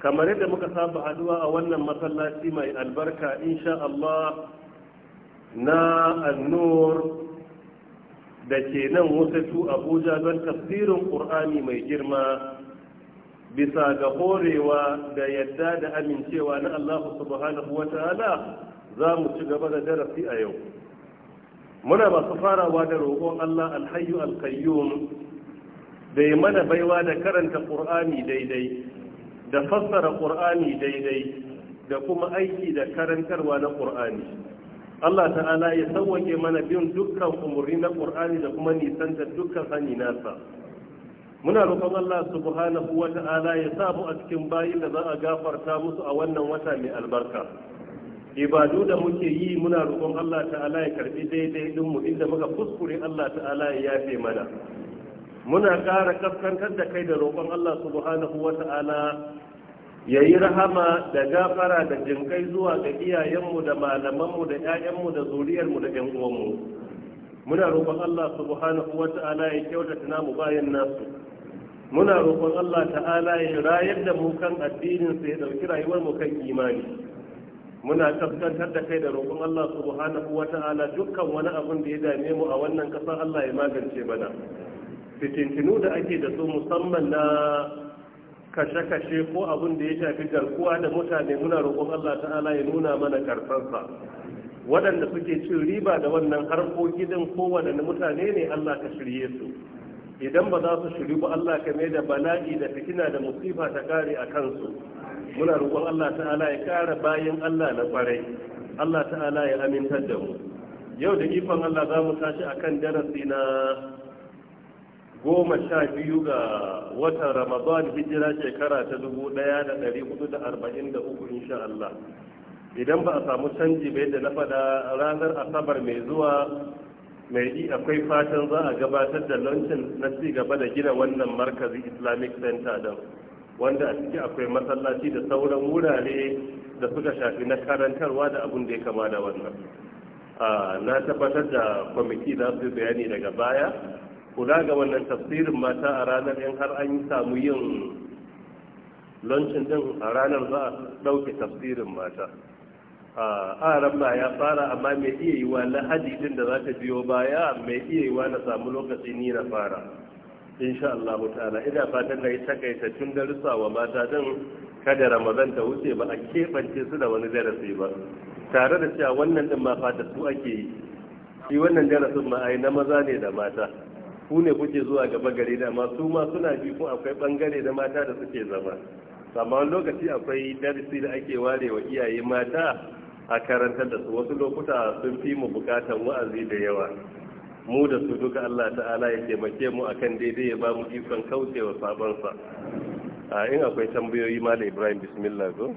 kamar yadda muka saba haduwa a wannan masallaci mai albarka insha Allah na annur da ke nan wasatu abuja don tafsirin ƙur'ani mai girma bisa ga horewa da yadda da amincewa na Allah subhanahu wa ta'ala za mu ci gaba da darasi a yau muna masu farawa da roƙon Allah alhayyu alkayyum da mana baiwa da karanta ƙur'ani daidai da fassara ƙur'ani daidai da kuma aiki da karantarwa na ƙur'ani Allah ta'ala ya sauwake mana bin dukkan umarni na ƙur'ani da kuma nisan nisanta dukkan hani nasa muna roƙon Allah subhanahu wa ta'ala ya sa mu a cikin bayin da za a gafarta musu a wannan wata mai albarka ibadu da muke yi muna roƙon Allah ta'ala ya karbi daidai din mu inda muka kuskure Allah ta'ala ya yafe mana muna ƙara kaskantar da kai da roƙon Allah subhanahu wa ta'ala ya yi rahama da gafara da jinkai zuwa ga iyayenmu da malamanmu da 'ya'yanmu da zuriyarmu da 'yan uwanmu muna roƙon Allah subhanahu wa ta'ala ya kyautata namu bayan nasu muna roƙon Allah ta'ala ya rayar da mu kan addinin sa ya ɗauki rayuwar mu kan imani muna kaskantar da kai da roƙon Allah subhanahu wa ta'ala dukkan wani abin da ya dame mu a wannan ƙasar Allah ya magance mana fitintinu da ake da su musamman na kashe-kashe ko abin da ya shafi garkuwa da mutane muna roƙon Allah ta'ala ya nuna mana karfansa waɗanda suke cin riba da wannan harkoki gidan kowane mutane ne Allah ka shirye su idan ba za su shiri ba Allah ka mai da bala'i da fitina da musifa ta kare a kansu muna roƙon Allah ta'ala ya kara bayan Allah na kwarai Allah ta'ala ya amintar da mu yau da ikon Allah za mu tashi akan darasi na goma sha biyu ga watan ramadan hijira shekara ta dubu ɗaya da ɗari hudu da arba'in da uku insha Allah idan ba a samu canji ba yadda na faɗa ranar asabar mai zuwa mai yi akwai fatan za a gabatar da launcin na ci gaba da gina wannan markazi islamic center don wanda a ciki akwai masallaci da sauran wurare da suka shafi na karantarwa da abin da ya kama da wannan ah, na tabbatar da kwamiti za su bayani daga baya kula ga wannan tafsirin mata a ranar in har an samu yin lancin din a ranar za a ɗauke tafsirin mata a ba ya fara amma mai iya yi wa lahadi din da za ta biyo baya mai iya yi wa na samu lokaci ni na fara insha Allah ta'ala ina fatan da ya takaita tun darussa wa mata din kada ramadan ta wuce ba a keɓance su da wani darasi ba tare da cewa wannan din ma fata su ake yi shi wannan darasin ma na maza ne da mata ku ne kuke zuwa gaba gare da masu ma suna bi kun akwai bangare da mata da suke zama amma lokaci akwai darasi da ake ware wa iyaye mata a karantar da su wasu lokuta sun fi mu bukatan wa'azi da yawa mu da su duka Allah ta'ala ya taimake mu akan daidai ya ba mu ikon kaucewa sabon sa a in akwai tambayoyi mala Ibrahim bismillah zo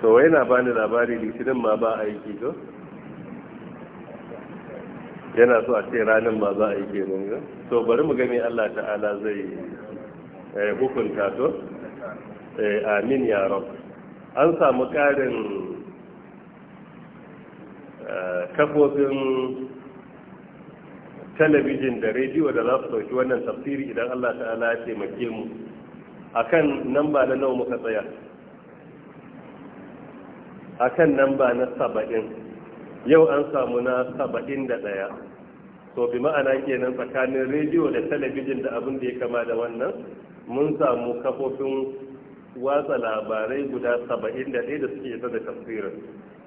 to yana bani labari litinin ma ba aiki go yana so a ce ranar ma za a yi kenan ga so bari mu gani Allah ta'ala zai eh, hukunta to eh, amin ya rab an samu karin eh, kafofin talabijin da rediyo da za su dauki wannan tafsiri idan Allah ta'ala ya taimake mu akan nan ba na nawa muka tsaya akan nan ba na saba'in yau an samu na saba'in da ɗaya so bi ma'ana kenan tsakanin rediyo da talabijin da abin da ya kama da wannan mun samu kafofin watsa labarai guda saba'in da ɗaya da suke yi da tafsirin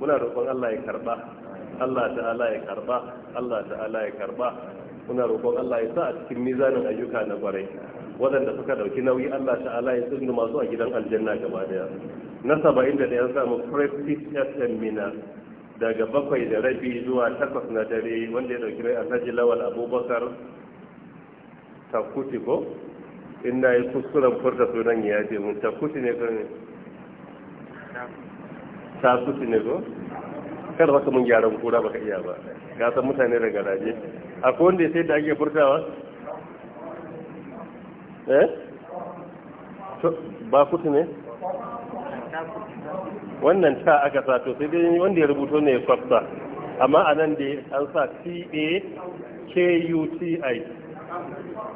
muna roƙon allah ya karɓa allah ta'ala ya karɓa allah ta'ala ya karɓa muna roƙon allah ya sa a cikin mizanin ayyuka na kwarai waɗanda suka ɗauki nauyi allah ta'ala ya tsindu masu a gidan aljanna gaba daya na saba'in da ɗaya samu practice fm mina daga bakwai da rabi zuwa takwas na dare wanda ya dauki a alhaji lawal abubakar takuti ko inda ya yi kuskuren furta sunan ya ce mun takuti ne kan takuti ne ko kar baka mun gyaran kura baka iya ba ga san mutane da raje akwai wanda sai da ake furtawa eh ba kuti ne wannan ta aka sa to sai dai wanda ya rubuto ne ya kwafta amma a nan dai an sa t a k u t i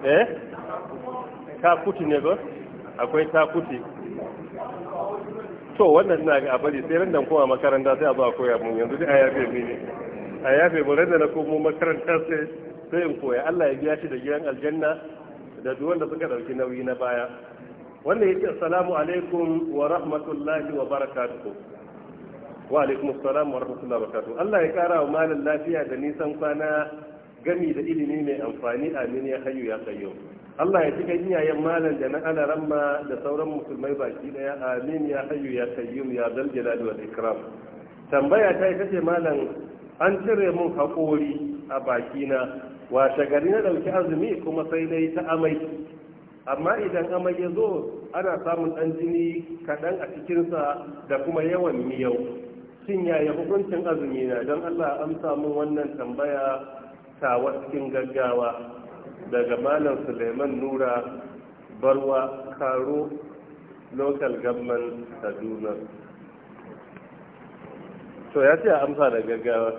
eh takuti ne ba akwai takuti to wannan na ga abari sai ran dan koma makaranta sai a zo a koya mun yanzu dai a yafe mu ne a yafe mu ran na komo makaranta sai sai in koya Allah ya biya shi da gidan aljanna da duk wanda suka dauki nauyi na baya wannan yake assalamu alaikum wa rahmatullahi wa barakatuhu wa alaikum assalam wa rahmatullahi wa barakatuhu Allah ya kara wa malin lafiya da nisan kwana gami da ilimi mai amfani amin ya hayyu ya qayyum Allah ya cika iyayen malam da na alaramma da sauran musulmai baki daya amin ya hayyu ya qayyum ya dal jalali wal ikram tambaya ta ita ce malam an cire mun haƙori a bakina Wa gari na ɗauki azumi kuma sai dai ta amai amma idan amai ya zo ana samun ɗan jini kaɗan a cikinsa da kuma yawan miyau shin yaya hukuncin azumi na don allah amsa min wannan tambaya tawa cikin gaggawa daga malam suleiman nura barwa karo local government kaduna to ya ce amsa da gaggawa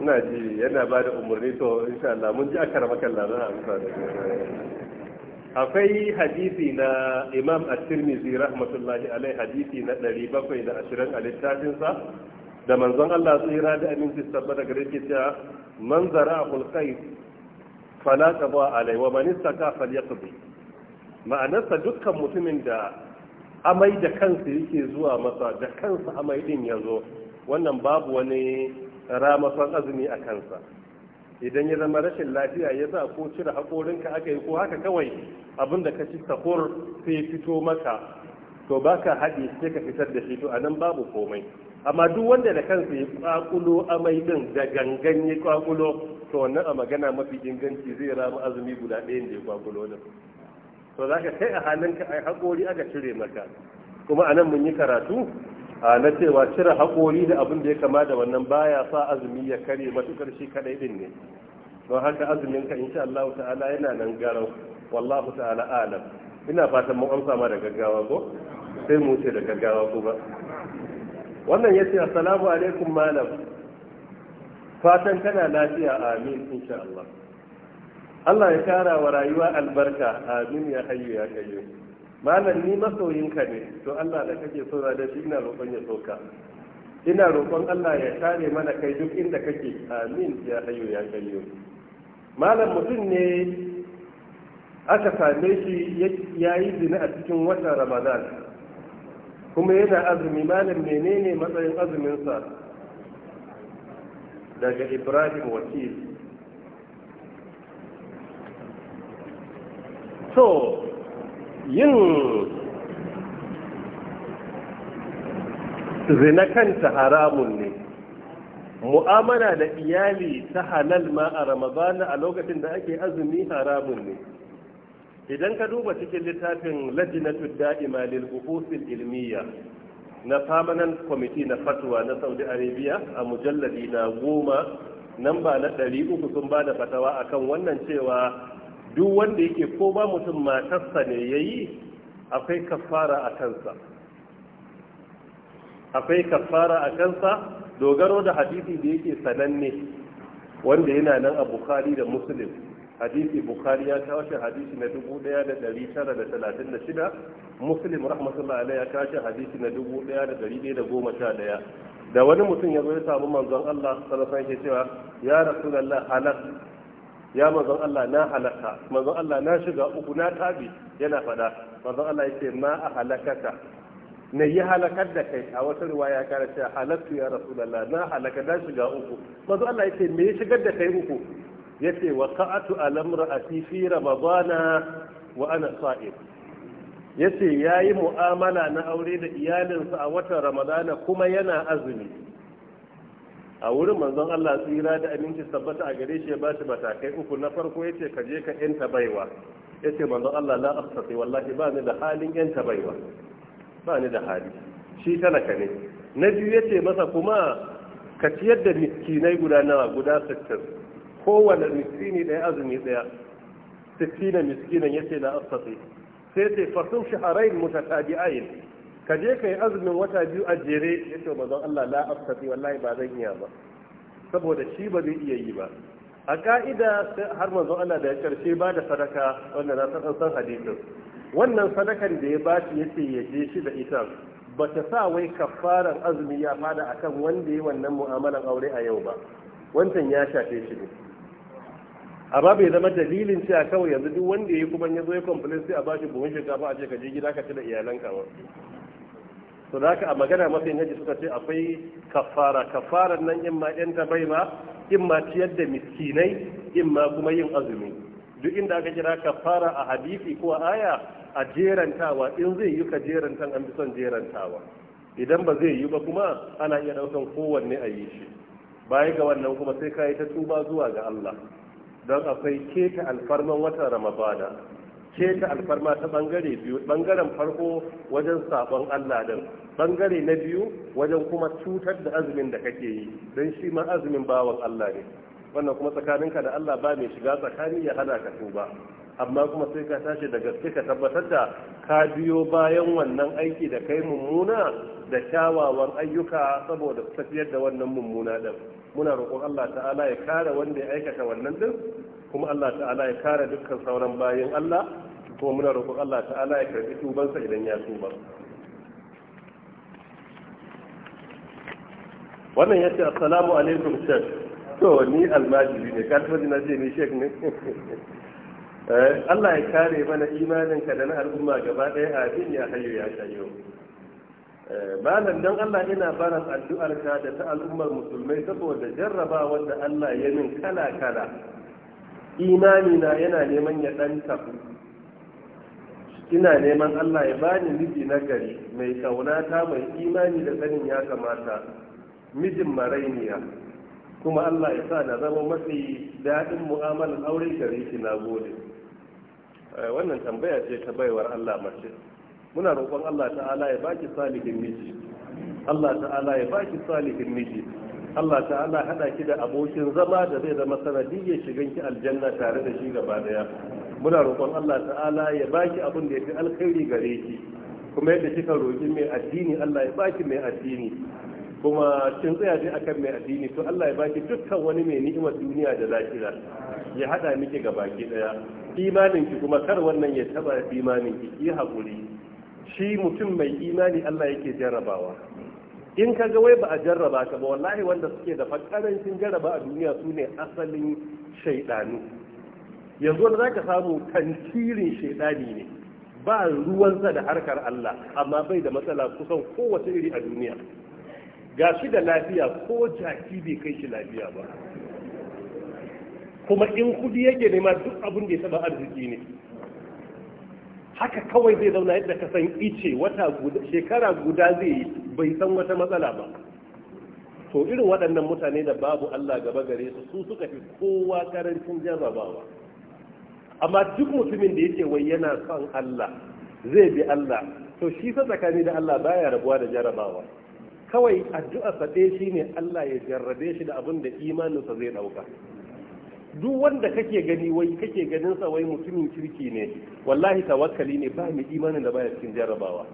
ina ji yana ba da umarni to insha Allah mun ji akar makan labarin amsa da gaggawa akwai hadisi na imam at-tirmidhi rahmatullahi alai hadisi na ɗari ashirin a littafinsa da manzon Allah tsira da aminci tabbata gare shi cewa man zara hulqai fala qada alai wa man istaka falyaqdi ma'anarsa dukkan mutumin da amai da kansa yake zuwa masa da kansa amai din yazo wannan babu wani ramasan azumi a kansa idan ya zama rashin lafiya ya sa ko cire haƙorinka aka yi ko haka kawai abin da ka ci sahur sai fito maka to ba ka haɗe sai ka fitar da shi to anan babu komai amma duk wanda da kansa ya ƙwaƙulo amai din da gangan ya ƙwaƙulo to wannan a magana mafi inganci zai rama azumi guda ɗayan da ya ƙwaƙulo din to za ka kai a halin ka a haƙori aka cire maka kuma anan mun yi karatu a na cewa cire haƙori da abin da ya kama da wannan baya sa azumi ya kare matukar shi kaɗai din ne don haka azumin ka insha Allah ta'ala yana nan garau wallahu ta'ala alam ina fatan mun amsa ma da gaggawa ko sai mu ce da gaggawa ba. wannan yace assalamu alaikum malam fatan kana lafiya amin insha Allah Allah ya kara wa rayuwa albarka amin ya hayyu ya kayyum malam ni masoyinka ne to Allah da kake so da shi ina roƙon ya soka ina roƙon Allah ya tare mana kai duk inda kake amin ya hayyo ya kayyo malam mutum ne aka same shi ya yi zina a cikin watan ramadan kuma yana azumi malam menene matsayin azuminsa daga ibrahim wakil so yin zina kanta haramun ne mu'amala da iyali ta halal ma a ramadana a lokacin da ake azumi haramun ne idan ka duba cikin littafin lajinatu da'ima lil buhusil ilmiya na permanent committee na fatwa na saudi arabia a mujalladi na goma namba na ɗari uku sun ba da fatawa akan wannan cewa duk wanda yake ko ba mutum matarsa ne yayi akwai kafara a kansa akwai kafara a kansa dogaro da hadisi da yake sananne wanda yana nan a bukhari da muslim hadisi bukhari ya kawo shi hadisi na 1936 muslim rahmatullahi alaihi ya kawo shi hadisi na 1111 da wani mutum ya zo ya samu manzon Allah sallallahu alaihi wasallam ya rasu ya rasulullah ya mazan Allah na halaka mazan Allah na shiga uku na tabi yana fada mazan Allah ya ce ma a halakaka na yi halakar da kai a wata riwaya ya ce cewa halattu ya rasulallah na halaka na shiga uku mazan Allah ya ce me ya shigar da kai uku ya ce wa ka'atu alamra a fi ramadana wa ana sa'id ya ce ya yi mu'amala na aure da iyalinsa a watan ramadana kuma yana azumi a wurin manzon Allah tsira da aminci tabbata a gare shi ya ba shi matakai uku na farko yace ka je ka yanta baiwa yace manzon Allah la astati wallahi ba ni da halin yanta baiwa ba ni da hali shi talaka ne na biyu yace masa kuma ka ciyar da miskinai guda nawa guda 60 kowane miskini daya azumi daya 60 miskinan yace la astati sai ce fasum shaharain mutatabi'ain ka je ka yi azumin wata biyu a jere ya ce mazan Allah la aftafi wallahi ba zan iya ba saboda shi ba zai iya yi ba a ka'ida har manzo Allah da ya karshe ba da sadaka wanda na san san hadisin wannan sadakan da ya bashi ya ce ya je shi da ita ba ta sa wai kafaran azumi ya fada akan wanda ya wannan mu'amalan aure a yau ba wancan ya shafe shi ne amma bai zama dalilin cewa kawai yanzu duk wanda ya kuma ya zo ya complain sai a bashi buhun shinkafa a ce ka je gida ka ci da iyalanka ba to da haka a magana mafi naji suka ce akwai kafara kafarar nan in ma yan ma, in ma ciyar da miskinai in ma kuma yin azumi duk inda aka kira kafara a hadisi ko aya a jerantawa in zai yi ka jerantan an bi son jerantawa idan ba zai yi ba kuma ana iya daukan kowanne a yi shi baya ga wannan kuma sai ka yi ta tuba zuwa ga Allah don akwai keta alfarman watan ramadana ta alfarma ta bangare biyu bangaren farko wajen sabon Allah din bangare na biyu wajen kuma cutar da azumin da kake yi don shi ma azumin bawan Allah ne wannan kuma tsakaninka da Allah ba mai shiga tsakani ya hana ka tuba amma kuma sai ka tashi da gaske ka tabbatar da ka biyo bayan wannan aiki da kai mummuna da kyawawan ayyuka saboda tafiyar da wannan mummuna din muna roƙon Allah ta'ala ya kare wanda ya aikata wannan din kuma Allah ta'ala ya kare dukkan sauran bayan Allah kuma muna roƙon Allah ta'ala ya karɓi tubansa idan ya tuba wannan ya ce assalamu alaikum sheikh to ni almajiri ne kalmar na je ni sheikh ne eh, Allah ya kare mana imanin ka da na al'umma gaba ɗaya a abin ya hayo ya shayo eh, malam dan Allah ina fara addu'ar ka da ta al'ummar musulmai saboda jarraba wanda Allah ya min kala kala imani na yana neman ya ɗan tafi ina neman Allah ya bani miji na gari mai kaunata mai imani da sanin ya kamata mijin marainiya kuma Allah ya sa na zama mafi daɗin mu'amalar aure da riki na gode eh, wannan tambaya ce ta baiwar Allah mace muna roƙon Allah ta'ala ya baki salihin miji Allah ta'ala ya baki salihin miji Allah ta'ala hada ki da abokin zama da zai zama sanadiyyar shiganki aljanna tare da shi gaba daya muna roƙon Allah ta'ala ya baki abin da ya fi alkhairi gare ki kuma yadda kika roƙi mai addini Allah ya baki mai addini kuma kin tsaya dai akan mai addini to Allah ya baki dukkan wani mai ni'imar duniya da lafiya ya hada miki ga baki daya imanin ki kuma kar wannan ya taba imanin ki ki hakuri shi mutum mai imani Allah yake jarrabawa in ka ga wai ba a jarraba ka ba wallahi wanda suke da fakarancin jarraba a duniya sune asalin shaidanu yanzu wanda za ka samu kantirin shaidani ne ba ruwansa da harkar Allah amma bai da matsala kusan kowace iri a duniya ga shi da lafiya ko jaki bai kai shi lafiya ba kuma in kudi yake nema duk abin da ya saba arziki ne haka kawai zai zauna yadda ka san ice wata shekara guda zai yi bai san wata matsala ba to irin waɗannan mutane da babu Allah gaba gare su su suka fi kowa karancin jarrabawa amma duk mutumin da yake wai yana son Allah zai bi Allah to shi sa tsakani da Allah baya rabuwa da jarabawa kawai addu'a sa ɗaya shine Allah ya jarrabe shi da abin da imaninsa zai ɗauka duk wanda kake gani wai kake ganin sa wai mutumin kirki ne wallahi tawakkali ne ba mai imanin da baya cikin jarrabawa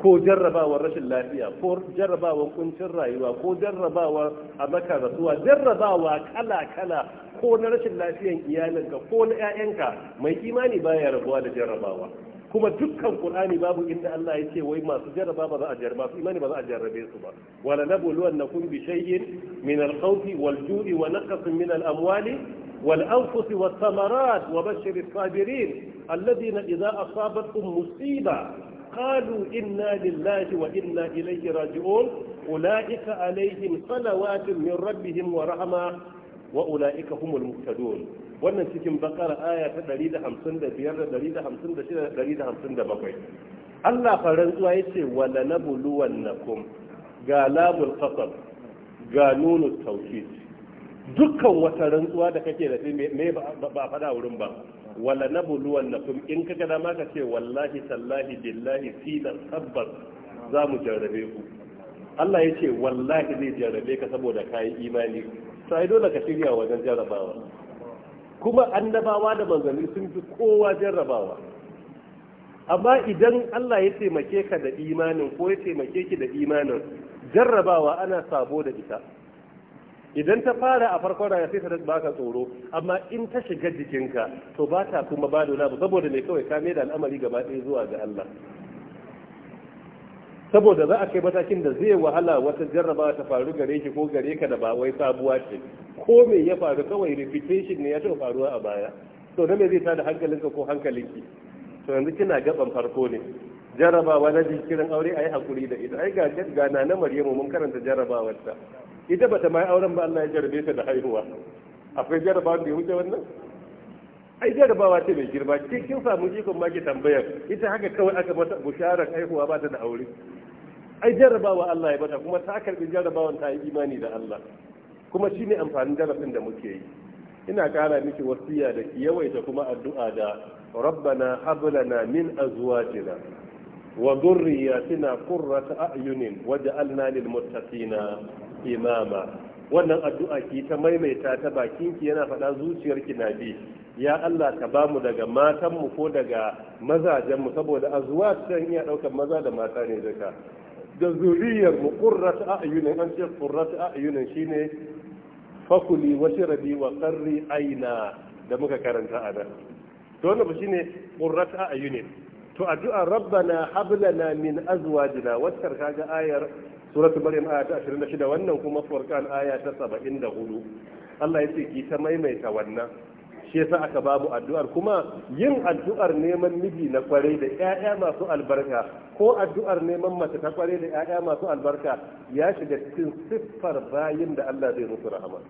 ko jarrabawar rashin lafiya ko jarrabawar kuncin rayuwa ko jarrabawa a rasuwa jarrabawa kala kala ko na rashin lafiyan iyalinka ko na 'ya'yanka mai imani baya rabuwa da jarrabawa kuma dukkan qur'ani babu inda Allah ya ce wai masu jarraba ba za a jarraba su imani ba za a jarrabe su ba wala nabulu annakum bi shay'in min al-khawf wal-ju'i wa naqsin min al-amwali wal-anfusi wath samarat wa bashshir as-sabirin alladhina idza asabatkum musiba قالوا إنا لله وإنا إليه راجعون أولئك عليهم صلوات من ربهم ورحمة wa ula'ika humul muhtadun wannan cikin bakara aya ta 155 da 156 da 157 Allah faran zuwa yace wala nabluwannakum ga lamul qasam ga nunut tawkid dukkan wata rantsuwa da kake da me ba fada wurin ba wala nabluwannakum in kaga da ma ce wallahi sallahi billahi fi da sabbar za mu jarrabe ku Allah ya ce wallahi zai jarrabe ka saboda kai imani sai dole ka shirya wajen jarrabawa kuma annabawa da manzanni sun fi kowa jarrabawa amma idan Allah ya taimake ka da imanin ko ya taimake ki da imanin jarrabawa ana sabo da ita idan ta fara a farkon rayuwa sai ta baka tsoro amma in ta shiga jikinka to ba ta kuma ba da saboda mai kawai ka mai da al'amari gaba ɗaya zuwa ga Allah saboda za a kai matakin da zai wahala wata jarraba ta faru gare shi ko gare ka da ba wai sabuwa ce ko me ya faru kawai repetition ne ya taɓa faruwa a baya to na me zai tada hankalinka ko hankalinki to yanzu kina gaban farko ne jarrabawa na jikirin aure a yi hakuri da ita ai ga na na maryamu mun karanta jarrabawarta ita ta mai auren ba Allah ya jarrabe ta da haihuwa akwai jarrabawa da ya wuce wannan ai jarrabawa ce mai girma kin samu ikon ma ki tambayar ita haka kawai aka mata bisharar haihuwa ba ta da aure ai jarrabawa Allah ya bata kuma ta karbi jarrabawan ta yi imani da Allah kuma shine amfanin darasin da muke yi ina kara miki wasiya da ki yawaita kuma addu'a da rabbana hab lana min azwajina wa dhurriyyatina qurrata a'yunin waj'alna lil muttaqina imama wannan addu'a ki ta maimaita ta bakinki yana faɗa zuciyarki na bi ya Allah ka ba mu daga matanmu ko daga mazajenmu saboda azuwa can iya ɗaukar maza da mata ne duka da zuriyar mu qurrata a'yunin an ce qurrata a'yunin shine fakuli washrabi wa qarri aina da muka karanta a nan to wannan shine qurrata a'yunin to addu'a rabbana hab lana min azwajina wacce ga ayar suratul maryam aya ta 26 wannan kuma furqan aya ta 74 Allah yace ki ta maimaita wannan shi yasa aka babu addu'ar kuma yin addu'ar neman miji na kwarai da ƴaƴa masu albarka ko addu'ar neman mace ta kwarai da ƴaƴa masu albarka ya shiga cikin siffar bayin da Allah zai musu rahama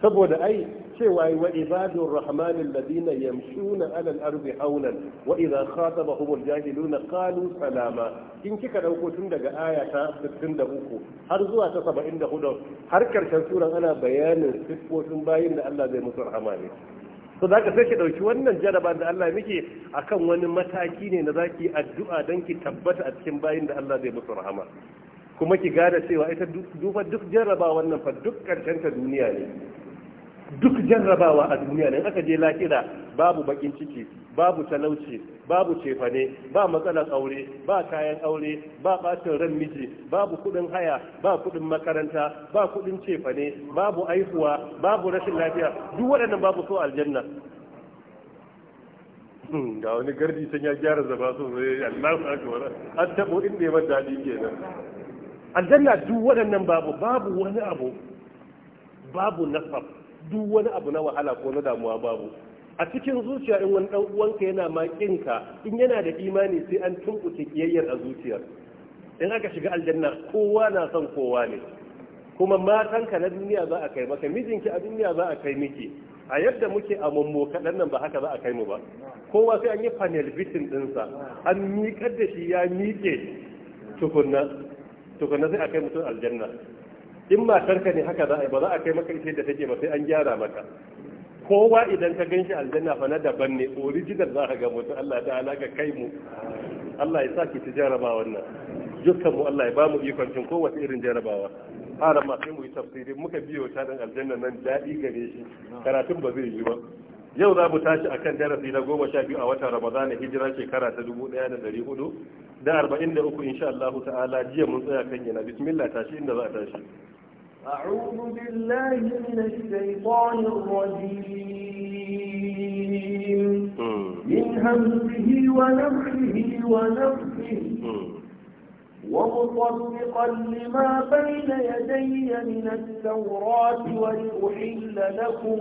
saboda ai cewa wa ibadur rahmanin alladhina yamshuna ala alal ardi hawlan wa idha khatabahum jahilu na qalu salama in kika dauko tun daga aya ta 63 har zuwa ta 74 har karshen suran ana bayanin sifofin bayin da Allah zai musu rahama ne so zaka sai ki dauki wannan jaraba da Allah muke akan wani mataki ne na zaki addu'a dan ki tabbata a cikin bayin da Allah zai musu rahama kuma ki gada cewa ita duba duk jaraba wannan fa duk karshen ta duniya ne duk jarrabawa a duniya ne aka je lakira, babu bakin ciki babu talauci babu cefane ba matsalar aure ba kayan aure ba bacin ran miji babu kudin haya ba kudin makaranta ba kudin cefane babu aihuwa babu rashin lafiya duk waɗannan babu so aljanna hmm, ga wani gardi sun ya gyara zama sosai Allah su aka an taɓo in ya mata daɗi kenan aljanna duk waɗannan babu babu wani abu babu nasab duk wani abu na wahala ko na damuwa babu a cikin zuciya in wani uwanka yana ma kinka in yana da imani sai an tunkuce kiyayyar a zuciyar in aka shiga aljanna kowa na son kowa ne kuma matanka na duniya za a kai maka mijinki a duniya za a kai miki a yadda muke a mummo kaɗan nan ba haka za a kai mu ba kowa sai an yi panel bitin ɗinsa an miƙar da shi ya miƙe tukunna tukunna sai a kai mutum aljanna in matarka ne haka za a yi ba za a kai maka ita da take ba sai an gyara maka kowa idan ka ganshi aljanna fa na daban ne original za ka ga mutum Allah ta alaka kai mu Allah ya saki ta jaraba wannan dukkan mu Allah ya ba mu ikon cin kowace irin jarabawa har ma sai mu yi tafsiri muka biyo ta dan aljanna nan dadi gare shi karatun ba zai yi ba yau za mu tashi akan darasi na goma sha biyu a watan ramadana hijira shekara ta dubu ɗaya da ɗari hudu da arba'in da uku insha Allah ta'ala jiya mun tsaya kan yana bismillah tashi inda za a tashi أعوذ بالله من الشيطان الرجيم من همزه ونفخه ونفخه ومصدقا لما بين يدي من التوراة وأحل لكم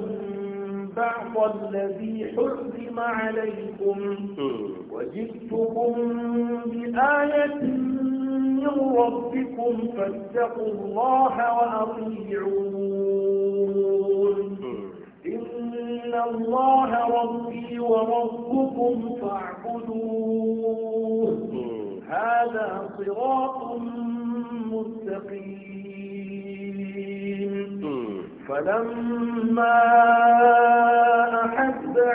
بعض الذي حرم عليكم وجئتكم بآية من ربكم فاتقوا الله وأطيعون إن الله ربي وربكم فاعبدوه هذا صراط مستقيم فلما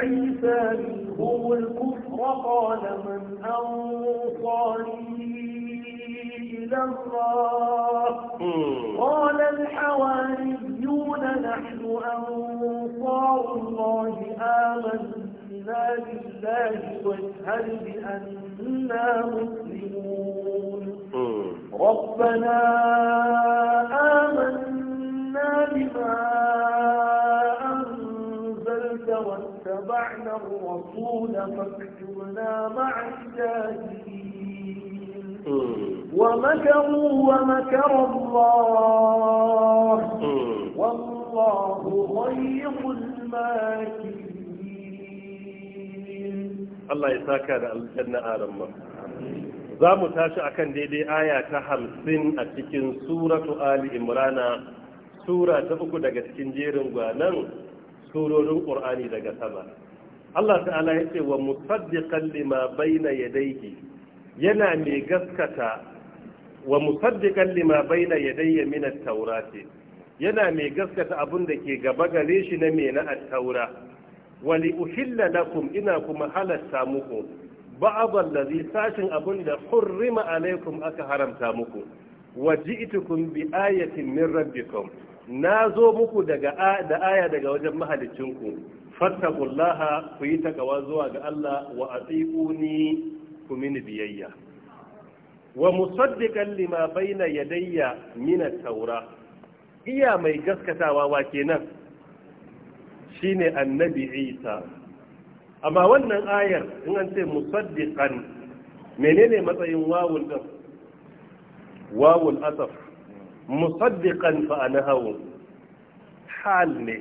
عيسى منهم الكفر قال من أنصاري إلى الله قال الحواريون نحن أنصار الله آمنا بالله واشهد بأننا مسلمون ربنا آمنا بما واتبعنا الرسول فاكتبنا مع الشاهدين ومكروا ومكر الله والله خير الماكرين الله يساك على الجنة آدم za mu tashi akan daidai aya ta hamsin a cikin suratu ali imrana sura ta uku daga cikin jerin gwanan surorin ƙur'ani daga sama Allah ta'ala ya ce wa musaddiqan lima baina yadayhi yana mai gaskata wa musaddiqan lima yadayya min at yana mai gaskata abin da ke gaba gare shi na me na at-taura wa li uhilla lakum ina kuma halatta muku ba'd allazi sashin abin da hurrima alaikum aka haramta muku wa ji'tukum bi ayatin min rabbikum na zo muku daga da aya daga wajen mahalicinku fattakullaha ku yi takawa zuwa ga Allah wa atiquni ku mini biyayya wa musaddiqan lima baina yadayya min at-taura iya mai gaskatawa wa kenan shine annabi Isa amma wannan ayar in an ce musaddiqan menene matsayin wawul din wawul asaf musaddiqan fa anahu hal ne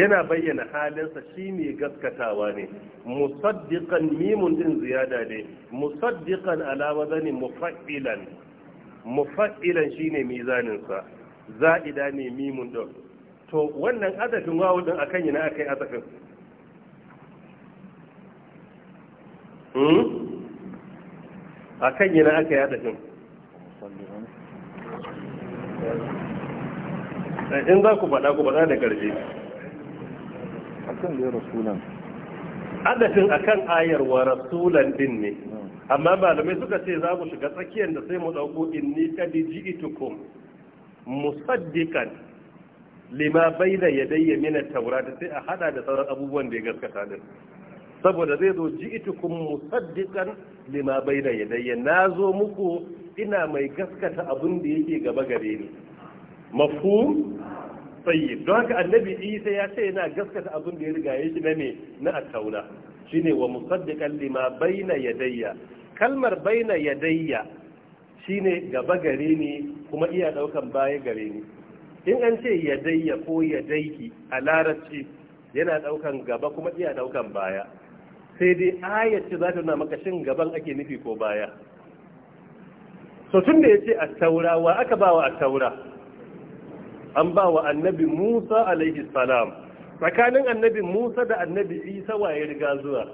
yana bayyana halinsa shi ne gaskatawa ne musaddiqan mimun din ziyada ne musaddiqan ala wazani mufaddilan mufaddilan shine mizanin sa za'ida ne mimun din to wannan adadin wawu din akan yana akai azafin hmm akan yana akai adadin in za ku faɗa ku faɗa da ƙarfi akan da ya rasulan adafin kan ayar wa rasulan din ne amma malamai suka ce za mu shiga tsakiyar da sai mu ɗauko inni kadi ku. musaddikan lima ya yadayya mina taura da sai a hada da sauran abubuwan da ya gaskata din saboda zai zo ji ji'itukum musaddikan lima na zo zo muku ina mai gaskata abin da yake gaba gare ni mafhum tayyib don haka annabi isa ya ce yana gaskata abin da ya riga ya shi na me na attaura shine wa musaddiqan lima baina yadayya kalmar baina yadayya shine gaba gare ni kuma iya daukan baya gare ni in an ce yadayya ko yadayki a larabci yana daukan gaba kuma iya daukan baya sai dai ayat ce za ta nuna maka shin gaban ake nufi ko baya so tun da ya ce attaura wa aka ba wa attaura an ba wa annabi musa alaihi salam tsakanin annabi musa da annabi isa wa ya riga zuwa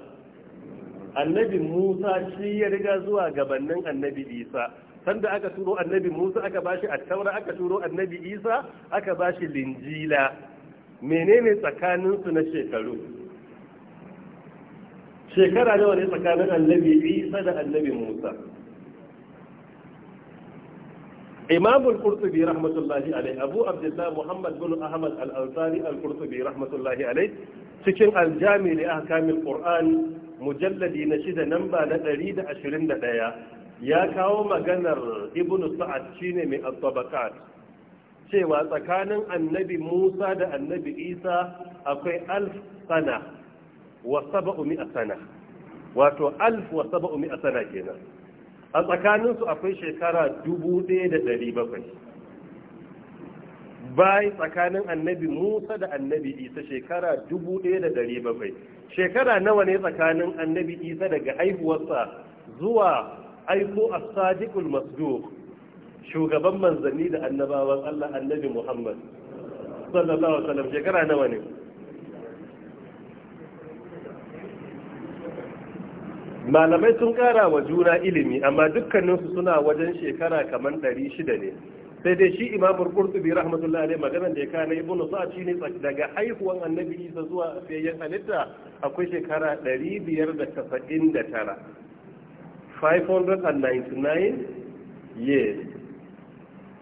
annabi musa shi ya riga zuwa gabanin annabi isa sanda aka turo annabi musa aka ba a attaura aka turo annabi isa aka ba shi linjila menene tsakaninsu na shekaru shekara nawa ne tsakanin annabi isa da annabi musa imam al-qurtubi rahmatullahi alayhi abu abdullah muhammad bin ahmad al-ansari al-qurtubi rahmatullahi alayhi cikin al-jami li ahkamil qur'an mujalladi na shida namba na 121 ya kawo maganar ibn sa'ad shine mai at-tabaqat cewa tsakanin annabi Musa da annabi Isa akwai alf sana wa saba'u mi'a wato alf wa kenan a tsakaninsu akwai shekara dubu ɗaya da ɗari bakwai bayi tsakanin annabi musa da annabi isa shekara dubu ɗaya da ɗari bakwai shekara nawa ne tsakanin annabi isa daga haihuwarsa zuwa aiko a sadiqul masduq shugaban manzanni da annabawan allah annabi muhammad sallallahu alaihi wasallam shekara nawa ne malamai sun kara wa juna ilimi amma dukkaninsu suna wajen shekara kamar ɗari shida ne sai dai shi imamul qurtubi rahmatullahi alaihi maganar da ya kana ibnu sa'ad shine daga haihuwan annabi isa zuwa fiyayyen halitta akwai shekara 599 599 years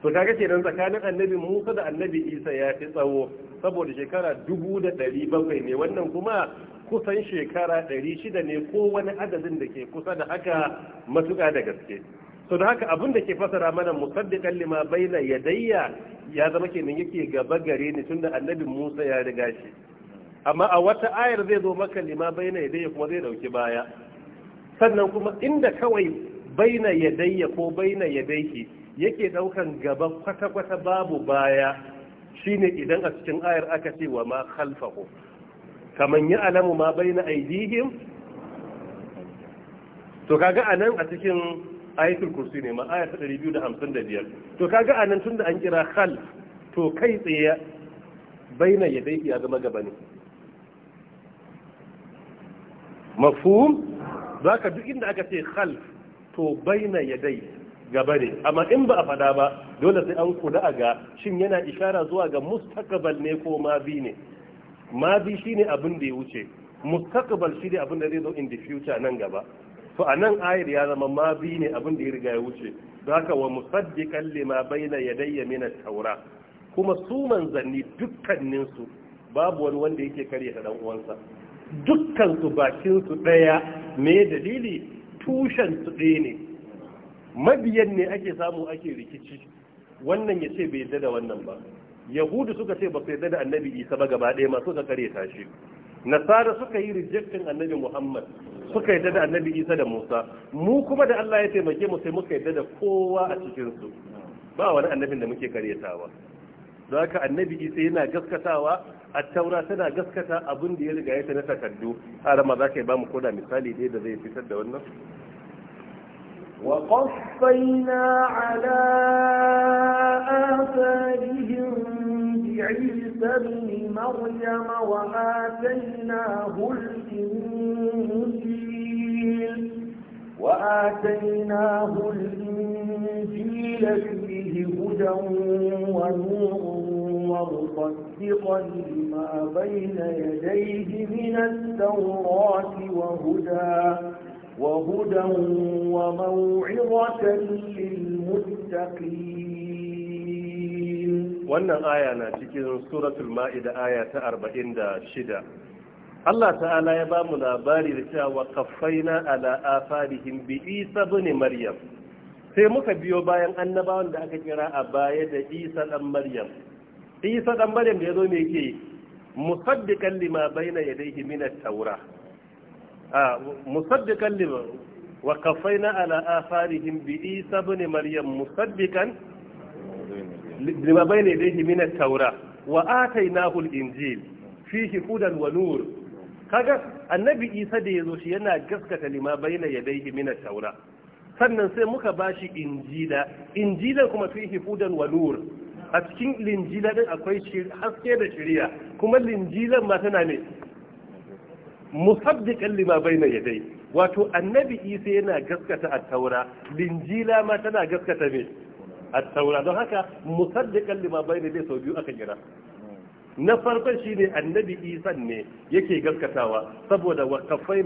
to kaga kenan tsakanin annabi Musa da annabi Isa ya fi tsawo saboda shekara 1700 ne wannan kuma kusan shekara 600 ne ko wani adadin da ke kusa da haka matuƙa da gaske so da haka abin da ke fasara mana musaddiqan lima baina yadayya ya zama kenan yake gaba gare ni tunda annabi Musa ya riga shi amma a wata ayar zai zo maka lima baina yadayya kuma zai dauki baya sannan kuma inda kawai baina yadayya ko baina yadayki yake daukan gaba kwata kwata babu baya shine idan a cikin ayar aka ce wa ma khalfahu kaman ya alamu ma bai na aidihim to kaga a nan a cikin ayatul kursi ne ma aya ta 255 to kaga a nan tunda an kira khal to kai tsaye bai na yadaihi ya zama gaba ne mafhum zaka duk inda aka ce khal to bai na dai gaba ne amma in ba a fada ba dole sai an kula ga shin yana ishara zuwa ga mustakabal ne ko ma bi ne shi ne abin da ya wuce mustaqbal ne abin da zai zo in the future nan gaba to a nan ayar ya zama mabi ne abin da ya riga ya wuce haka wa musaddiqan lima bayna yadayya min at-taura kuma su manzanni dukkanin su babu wani wanda yake karya ta dan uwansa dukkan su bakin su daya me dalili tushen su ɗaya ne mabiyan ne ake samu ake rikici wannan ya ce bai yadda da wannan ba yahudu suka ce ba su yarda da annabi isa ba gaba ɗaya masu suka kare ta shi nasara suka yi rejectin annabi muhammad suka yarda da annabi isa da musa mu kuma da allah ya taimake mu sai muka yarda da kowa a cikin su ba wani annabin da muke karyatawa don haka annabi isa yana gaskatawa a taura tana gaskata abin da ya riga ya ta na takardu a rama za ka yi ba mu koda misali ɗaya da zai fitar da wannan وقفينا على آثارهم بعيسى بن مريم وآتيناه الإنجيل وآتيناه الإنجيل فيه هدى ونور ومصدقا لما بين يديه من التوراة وهدى وهدى وموعظة للمتقين wannan aya na cikin suratul ma'ida aya ta 46 Allah ta'ala ya ba mu labari da cewa kaffaina ala afarihim bi Isa ibn Maryam sai muka biyo bayan annabawan da aka kira a baya da Isa dan Maryam Isa dan Maryam da yazo me yake musaddiqan lima bayna yadayhi min at-taura musaddiqan lima wa kafaina ala afarihim bi isa ibn maryam musaddiqan lima bayna yadayhi min at-taura wa atainahu al-injil fihi hudan wa nur kaga annabi isa da zo shi yana gaskata lima bayna yadayhi min at-taura sannan sai muka bashi injila injila kuma fihi hudan wa nur a cikin linjila din akwai haske da shiriya kuma linjilan ma tana ne musaddiqan lima bayna yadai wato annabi isa yana gaskata a taura linjila ma tana gaskata me a taura don haka musaddiqan lima na dai sau biyu aka gira na farkon shine annabi isa ne yake gaskatawa saboda wa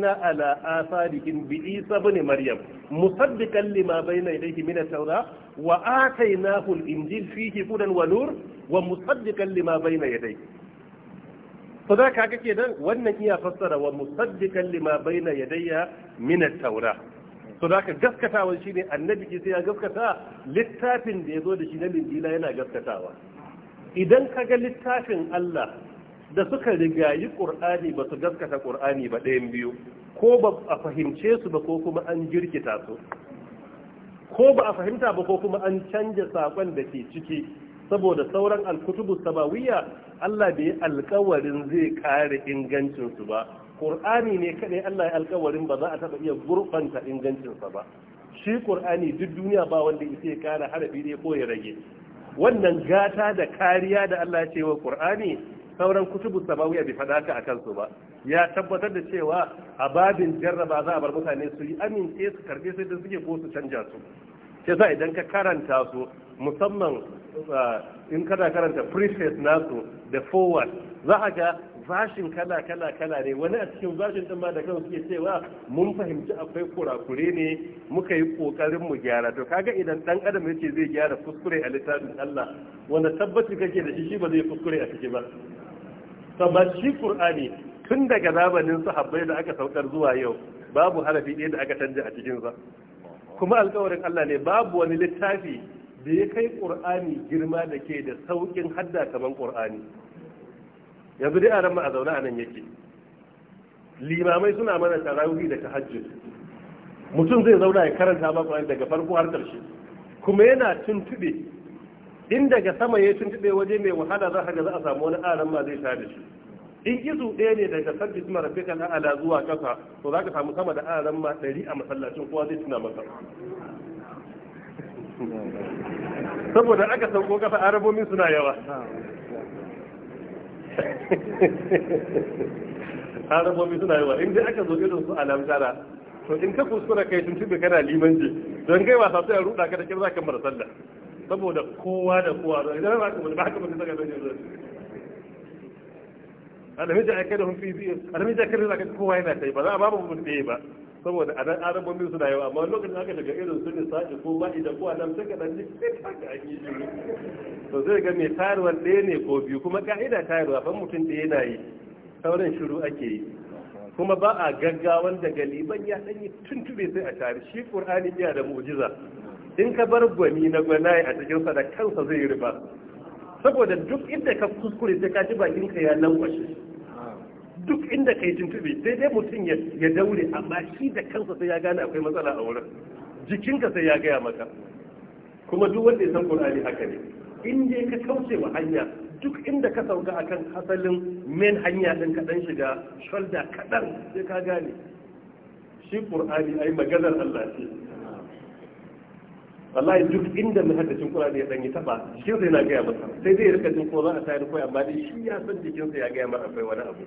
na ala asarihim bi isa bane maryam musaddiqan lima bayna yadayhi min at-taura wa atainahu al-injil fihi hudan wa nur wa musaddiqan lima bayna yadayhi to da ka, kake nan wannan iya fassara wa musaddikan lima baina yadayya min at-taura to da ka gaskatawa shine annabi ki sai ya gaskata littafin da yazo da shi na linjila yana gaskatawa idan ka ga littafin Allah da suka rigayi qur'ani ba su gaskata qur'ani ba ɗayan biyu ko ba a fahimce su ba ko kuma an jirkita su ko ba a fahimta ba ko kuma an canja sakon da ke ciki saboda sauran alkutubu sabawiyya Allah bai alkawarin zai kare ingancinsu ba Qur'ani ne kadai Allah ya alkawarin ba za a taba iya gurbanta ingancinsa ba shi Qur'ani duk duniya ba wanda ya kare harafi ne ko ya rage wannan gata da kariya da Allah ya ce wa Qur'ani sauran kutubu bai faɗa ka akan su ba ya tabbatar da cewa a babin jarraba za a bar mutane su yi amince su karbe sai da suke ko su canja su shi yasa idan ka karanta su musamman ah, in kana karanta preface nasu da forward za a ga zashin kala kala kala ne wani a cikin zashin din ma da kan suke cewa mun fahimci akwai kurakure ne muka yi kokarin mu gyara to kaga idan dan adam yake zai gyara kuskure a littafin Allah wanda tabbaci kake da shi shi ba zai kuskure a ciki ba saboda shi Qur'ani tun daga zamanin sahabbai da aka saukar zuwa yau babu harafi ɗaya da aka canja a cikin sa kuma alkawarin Allah ne babu wani littafi da ya kai ƙur'ani girma da ke da sauƙin hadda kamar ƙur'ani yanzu dai a ran a zaune a nan yake limamai suna mana tarawihi da tahajjud mutum zai zauna ya karanta ba ƙur'ani daga farko har ƙarshe kuma yana tuntube in daga sama ya tuntube waje mai wahala za ka ga za a samu wani aran ma zai tare shi in izu ɗaya ne daga sabbi suna rafi kan ala zuwa ƙasa to za ka samu sama da ala ma ɗari a masallacin kowa zai tuna masa saboda aka sauko ƙasa arabomin suna yawa arabomi suna yawa in dai aka zo irin su alamtara to in ka kuskura kai tun tubi kana limanci don kai wasa sai yi ruɗa ka da kira za ka mara sallah saboda kowa da kowa zai ba ba haka ba sai ka zai alam da akadahum fi zi da zaka kowa yana kai ba za a babu mutum ɗaya ba saboda a dan arabomi suna yawa amma lokacin aka daga irin su ne sa'i ko ba idan ko adam saka dan ji to zai ga mai tayarwa ɗaya ne ko biyu kuma ka'ida tayarwa ban mutum da yana yi sauran shiru ake yi kuma ba a gaggawan da galiban ya ɗanyi tuntube sai a tare shi ƙur'ani iya da mu'jiza in ka bar gwani na gwanaye a cikin sa da kansa zai yi riba saboda duk inda ka kuskure sai ka ji bakin ka ya lankwashe duk inda kai tuntube sai dai mutum ya daure amma shi da kansa sai ya gane akwai matsala a wurin jikinka sai ya gaya maka kuma duk wanda ya san qur'ani haka ne in dai ka kauce wa hanya duk inda ka sauka akan asalin main hanya din ka dan shiga shoulder kadan sai ka gane shi qur'ani ai maganar Allah ce wallahi duk inda muhaddacin qur'ani ya dan yi taba shi zai na gaya masa sai dai ya rika jin ko za a tayar koyi amma dai shi ya san ya ga ya gaya masa akwai wani abu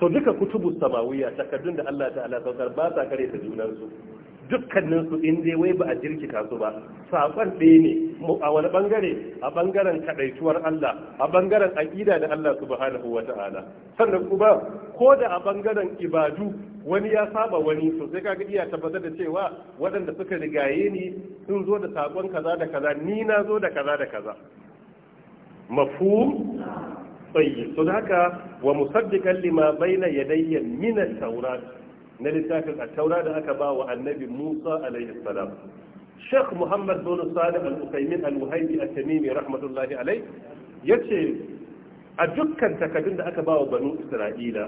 to duka kutubu samawiya takaddun da Allah ta'ala saukar ba sa kare ta junansu dukkanin su in dai wai ba a jirkita su ba sakon ɗaya ne a wani bangare a bangaren kaɗaituwar Allah a bangaren aƙida da Allah subhanahu wata'ala sannan kuma ko da a bangaren ibadu wani ya saba wani to sai kaga iya tabbata da cewa waɗanda suka rigaye ni sun zo da sakon kaza da kaza ni na zo da kaza da kaza mafhum tayyib to da haka wa musaddikan lima baina yadayya min at na littafin a taura da aka ba wa annabi Musa alaihi salam Sheikh Muhammad bin Salih al-Uthaymeen al-Wahibi at-Tamimi rahmatullahi alaihi yace a dukkan takardun da aka ba wa banu Isra'ila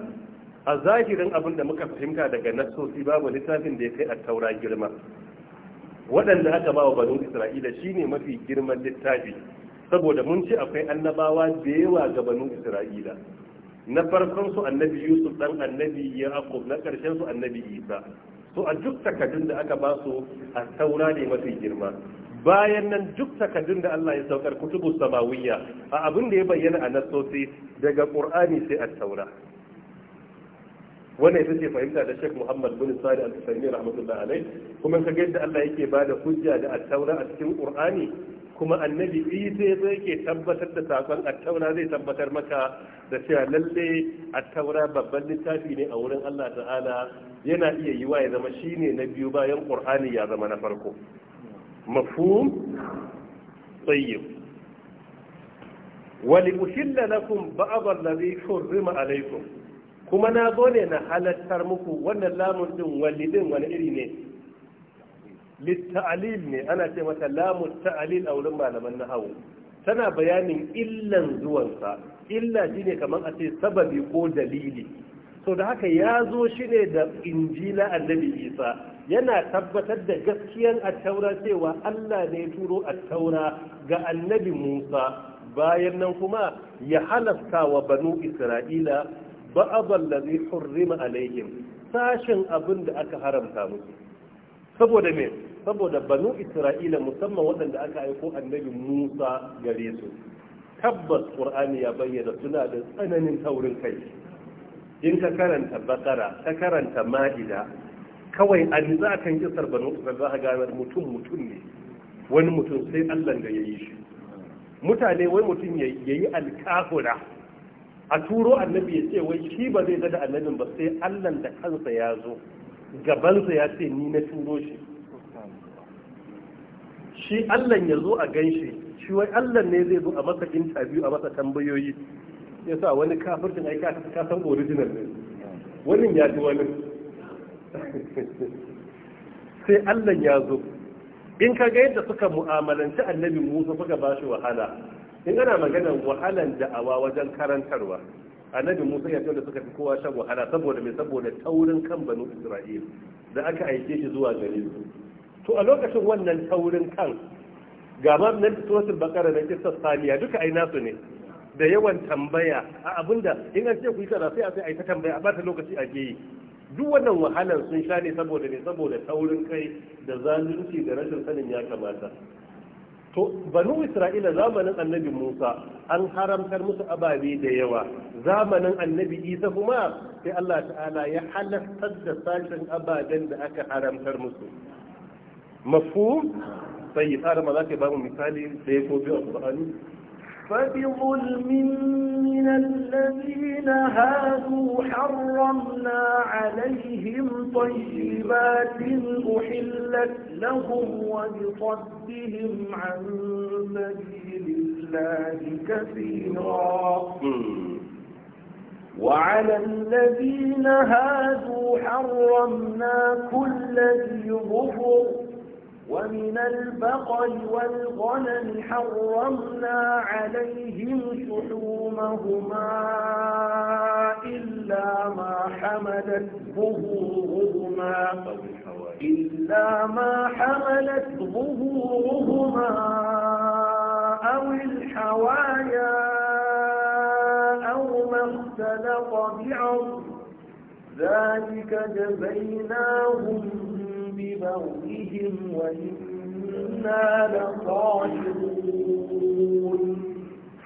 a zahirin abin da muka fahimta daga nassosi babu littafin da ya kai a taura girma waɗanda aka ba wa banu Isra'ila shine mafi girman littafi saboda mun ce akwai annabawa da yawa gabanin isra'ila na farkon su annabi yusuf dan annabi yaqub na karshen su annabi isa to a duk takaddun da aka ba su a taura ne mafi girma bayan nan duk takardun da Allah ya saukar kutubu samawiyya a abin da ya bayyana a nasosi daga qur'ani sai a taura wannan ita ce fahimta da Sheikh Muhammad bin Sadi Al-Sami rahmatullahi alai kuma kaga yadda Allah yake bada hujja da at-taura a cikin Qur'ani kuma annabi isa ya yake tabbatar da sakon attaura zai tabbatar maka da cewa lalle attaura babban littafi ne a wurin Allah ta'ala yana iya yiwa ya zama shine na biyu bayan ƙur'ani ya zama na farko mafhum tayyib wali uhilla lakum ba'd allazi hurrima alaykum kuma na zo ne na halattar muku wannan lamun din walidin wani iri ne litta'alil ne ana ce mata lamu ta'alil a wurin malaman nahawu tana bayanin illan zuwansa illa shine kamar a ce sababi ko dalili so da haka ya zo shi ne da injila annabi isa yana tabbatar da gaskiyan taura cewa allah ne turo attaura ga annabi musa bayan nan kuma ya halasta wa banu isra'ila ba'adal ladhi hurrima alaihim Sashen abin da aka haramta musu saboda me saboda banu isra'ila musamman waɗanda aka aiko annabi musa gare su tabbas qur'ani ya bayyana suna da tsananin taurin kai in ka karanta bakara ka karanta ma'ida kawai an za kan kisar banu isra'ila za a gane mutum mutum ne wani mutum sai allah da ya yi shi mutane wai mutum ya yi a turo annabi ya ce wai shi ba zai da annabin ba sai allah da kansa ya zo gabansa ya ce ni na turo shi shi Allah ya zo a gan shi Shi wai Allah ne zai zo a masa interview a masa tambayoyi Ya sa wani kafircin aika ta kasan original ne wani ya ji wani sai Allah ya zo in ka ga yadda suka mu'amalanci annabi Musa suka ba shi wahala in ana maganar wahalan da'awa wajen karantarwa annabi Musa ya da suka fi kowa shan wahala saboda mai saboda taurin kan banu Isra'il da aka aike shi zuwa gare su to a lokacin wannan taurin kan ga ma nan suratul baqara da saniya duka ai nasu ne da yawan tambaya a abinda in an ce ku yi kaza sai a sai yi ta tambaya a ba ta lokaci a yi duk wannan wahalan sun sha ne saboda ne saboda taurin kai da zalunci da rashin sanin ya kamata to banu isra'ila zamanin annabi musa an haramtar musu ababe da yawa zamanin annabi isa kuma sai allah ta'ala ya halartar da sashen ababen da aka haramtar musu مفهوم طيب هذا ما ذاك باب مثالي سيكون في القرآن فبظلم من الذين هادوا حرمنا عليهم طيبات أحلت لهم وبصدهم عن سبيل الله كثيرا وعلى الذين هادوا حرمنا كل ذي ظفر ومن البقر والغنم حرمنا عليهم شحومهما إلا ما حملت ظهورهما إلا ما حملت ظهورهما أو الحوايا أو ما اختلط بعض ذلك جزيناهم ببغيهم وإنا لصادقون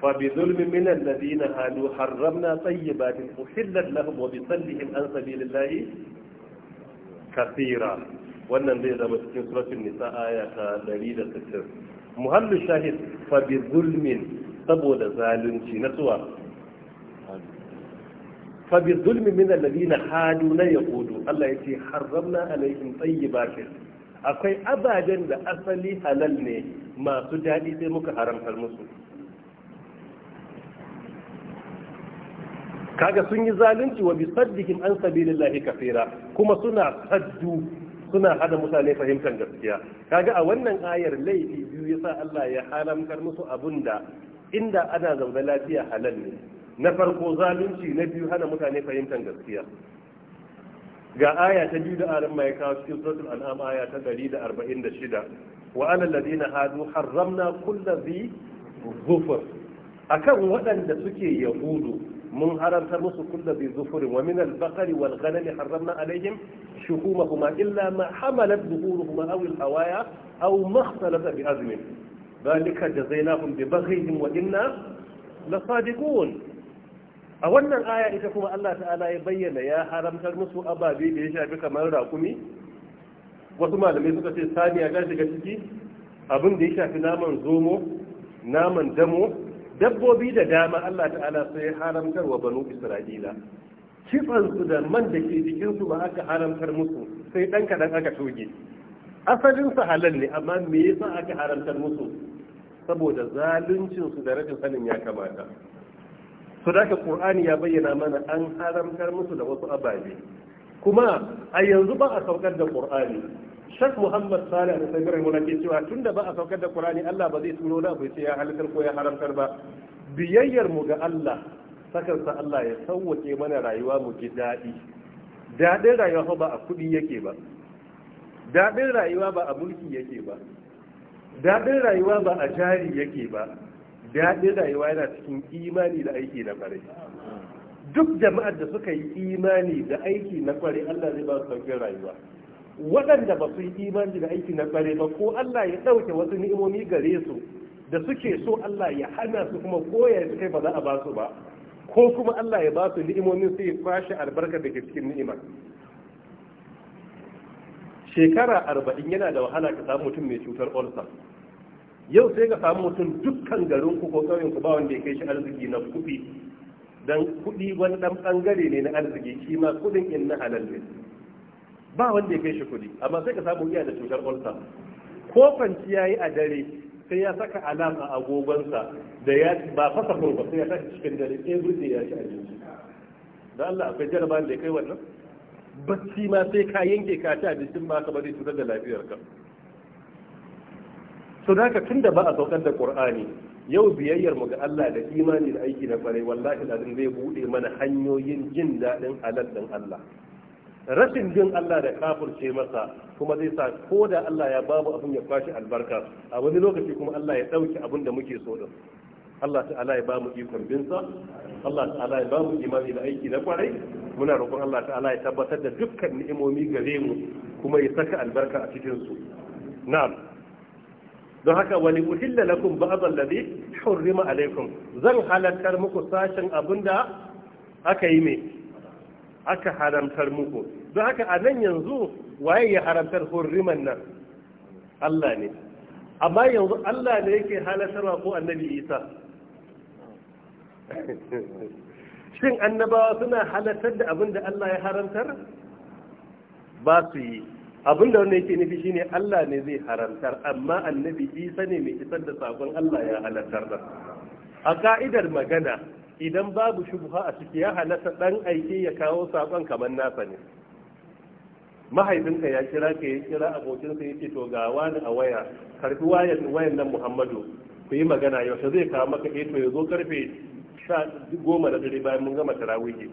فبظلم من الذين هادوا حرمنا طيبات أحلت لهم وبصلهم عن سبيل الله كثيرا wannan zai zama cikin suratul nisa aya ta 160 muhallu shahid fa bi zulmin saboda zalunci na suwa fa bi zulmi min alladhina hadu la yaqulu Allah yace harramna alaihim tayyibatin akwai ababen da asali halal ne masu daɗi sai muka haramtar musu kaga sun yi zalunci wa bisaddihim an sabilillahi kafira kuma suna saddu suna hada mutane fahimtar gaskiya kaga a wannan ayar laifi biyu yasa Allah ya haramtar musu abunda inda ana zaune lafiya halal ne na farko zalunci na biyu hana mutane fahimtar gaskiya ga aya ta biyu da aran mai kawo cikin suratul an'am aya ta 146 wa alal ladina hadu harramna kulli zufur akan waɗanda suke yahudu mun haramta musu kulli zufurin wa min al-baqari wal ghanami harramna alaihim shuhumahuma illa ma hamalat zuhuruhuma aw al-hawaya aw ma ikhtalata bi azmin ذلك جزيناهم ببغيهم وإنا لصادقون a wannan aya ita kuma Allah ta'ala ya bayyana ya haramtar musu ababe da ya shafi kamar rakumi wasu malamai suka ce saniya ta shiga ciki abin da ya shafi naman zomo naman damo dabbobi da dama Allah ta'ala sai ya haramtar wa banu Isra'ila kifansu da man da ke jikinsu ba aka haramtar musu sai dan kaɗan aka toge asalinsu halal ne amma me yasa aka haramtar musu saboda zaluncinsu da rashin sanin ya kamata to da ka ya bayyana mana an haramtar musu da wasu ababe kuma a yanzu ba a saukar da qur'ani shak muhammad salih da sabirin wani ke cewa tunda ba a saukar da qur'ani Allah ba zai turo na bai ce ya halittar ko ya haramtar ba biyayyar mu ga Allah sakarsa Allah ya sauwake mana rayuwa mu ji daɗi daɗin rayuwa ba a kuɗi yake ba daɗin rayuwa ba a mulki yake ba daɗin rayuwa ba a jari yake ba daɗin rayuwa yana cikin imani da aiki na ƙwarai duk jama'ar da suka yi imani da aiki na ƙwarai Allah zai ba su sauƙin rayuwa waɗanda ba su yi imani da aiki na ƙwarai ba ko Allah ya ɗauke wasu ni'imomi gare su da suke so Allah ya hana su kuma koya su kai ba za a ba su ba ko kuma Allah ya ba su ni'imomin sai ya kwashe albarka daga cikin ni'imar shekara arba'in yana da wahala ka samu mutum mai cutar ulcer yau sai ka samu mutum dukkan garin ku ko ƙauyen ku ba wanda ya kai shi arziki na kuɗi dan kuɗi wani ɗan ɓangare ne na arziki shi ma kuɗin in na halal ne ba wanda ya kai shi kuɗi amma sai ka samu iya da cutar ulsa ko ya yi a dare sai ya saka alama a agogonsa da ya ba fasa ba sai ya saka cikin dare sai day ya ci abinci da Allah akwai jarabar da ya kai wannan bacci ma sai ka yanke ka ci abincin ba ka ba zai cutar da lafiyarka to haka tun da ba a saukar da ƙur'ani yau biyayyar mu ga Allah da imani da aiki na kwarai wallahi ladin zai bude mana hanyoyin jin daɗin halal Allah rashin jin Allah da kafirce masa kuma zai sa ko da Allah ya babu abin ya kwashi albarka a wani lokaci kuma Allah ya ɗauki abin da muke so din Allah ta'ala ya bamu ikon binsa Allah ta'ala ya bamu imani da aiki na kwarai muna roƙon Allah ta'ala ya tabbatar da dukkan ni'imomi gare mu kuma ya saka albarka a cikin su na'am don haka wani uhilla lakum ba'd alladhi hurrima alaikum zan halartar muku sashin abinda aka yi me aka haramtar muku don haka a nan yanzu waye ya haramtar hurriman nan Allah ne amma yanzu Allah ne yake halartarwa ko annabi Isa shin annabawa suna halartar da abinda Allah ya haramtar ba su yi abin da wanda yake nufi shine Allah ne zai haramtar amma annabi Isa ne mai isar da sakon Allah ya halartar da a ka'idar magana idan babu shubha a ciki ya halatta dan aiki ya kawo sakon kamar nasa ne mahaifinka ya kira ka ya kira abokinsa ya ce to ga wani a waya karfi wayan wayan nan Muhammadu ku yi magana yaushe zai kawo maka eto eh, ya zo karfe goma da dare bayan mun gama tarawihi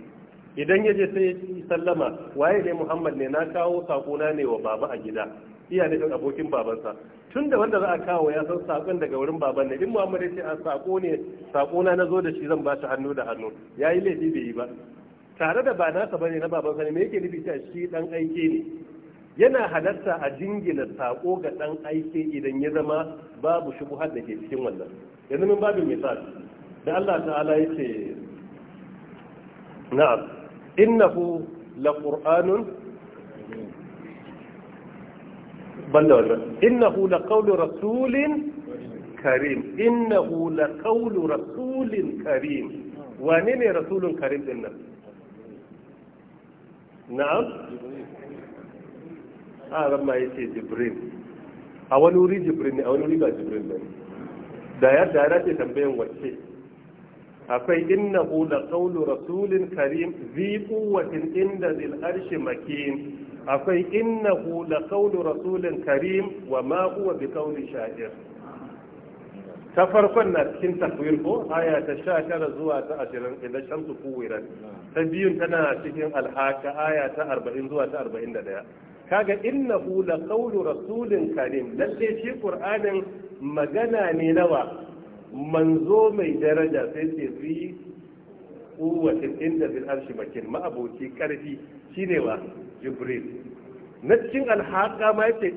idan ya je sai ya sallama waye ne muhammad ne na kawo sakona ne wa baba a gida iya ne abokin babansa tun da wanda za a kawo ya san sakon daga wurin baban ne in muhammad ya ce a sako ne sakona na zo da shi zan ba shi hannu da hannu ya yi laifi bai yi ba tare da ba nasa bane na babansa ne me yake nufi ta shi dan aike ne yana halarta a jingina sako ga dan aike idan ya zama babu shubuhar da ke cikin wannan yanzu min babu misali da Allah ta'ala yace na'am إنه لقرآن بل إنه لقول رسول كريم إنه لقول رسول كريم وانين رسول كريم إنه نعم هذا ما يتي جبريل أول وري جبريل أول وري جبريل ده يا ده أنا وشيء akwai innahu la qawlu rasulin karim zi quwwatin inda zil arshi makin akwai innahu la qawlu rasulin karim wa ma huwa bi qawli sha'ir ta farkon na cikin takwir ko aya ta sha tara zuwa ta ashirin idan shamsu kuwiran ta biyun tana cikin alhaka aya ta arba'in zuwa ta arba'in da daya. kaga innahu la qawlu rasulin karim lalle shi qur'anin magana ne nawa manzo mai daraja sai ce fi kuwatin inda bil arshi makin ma'aboki karfi shine wa jibril na cikin alhaka ma yace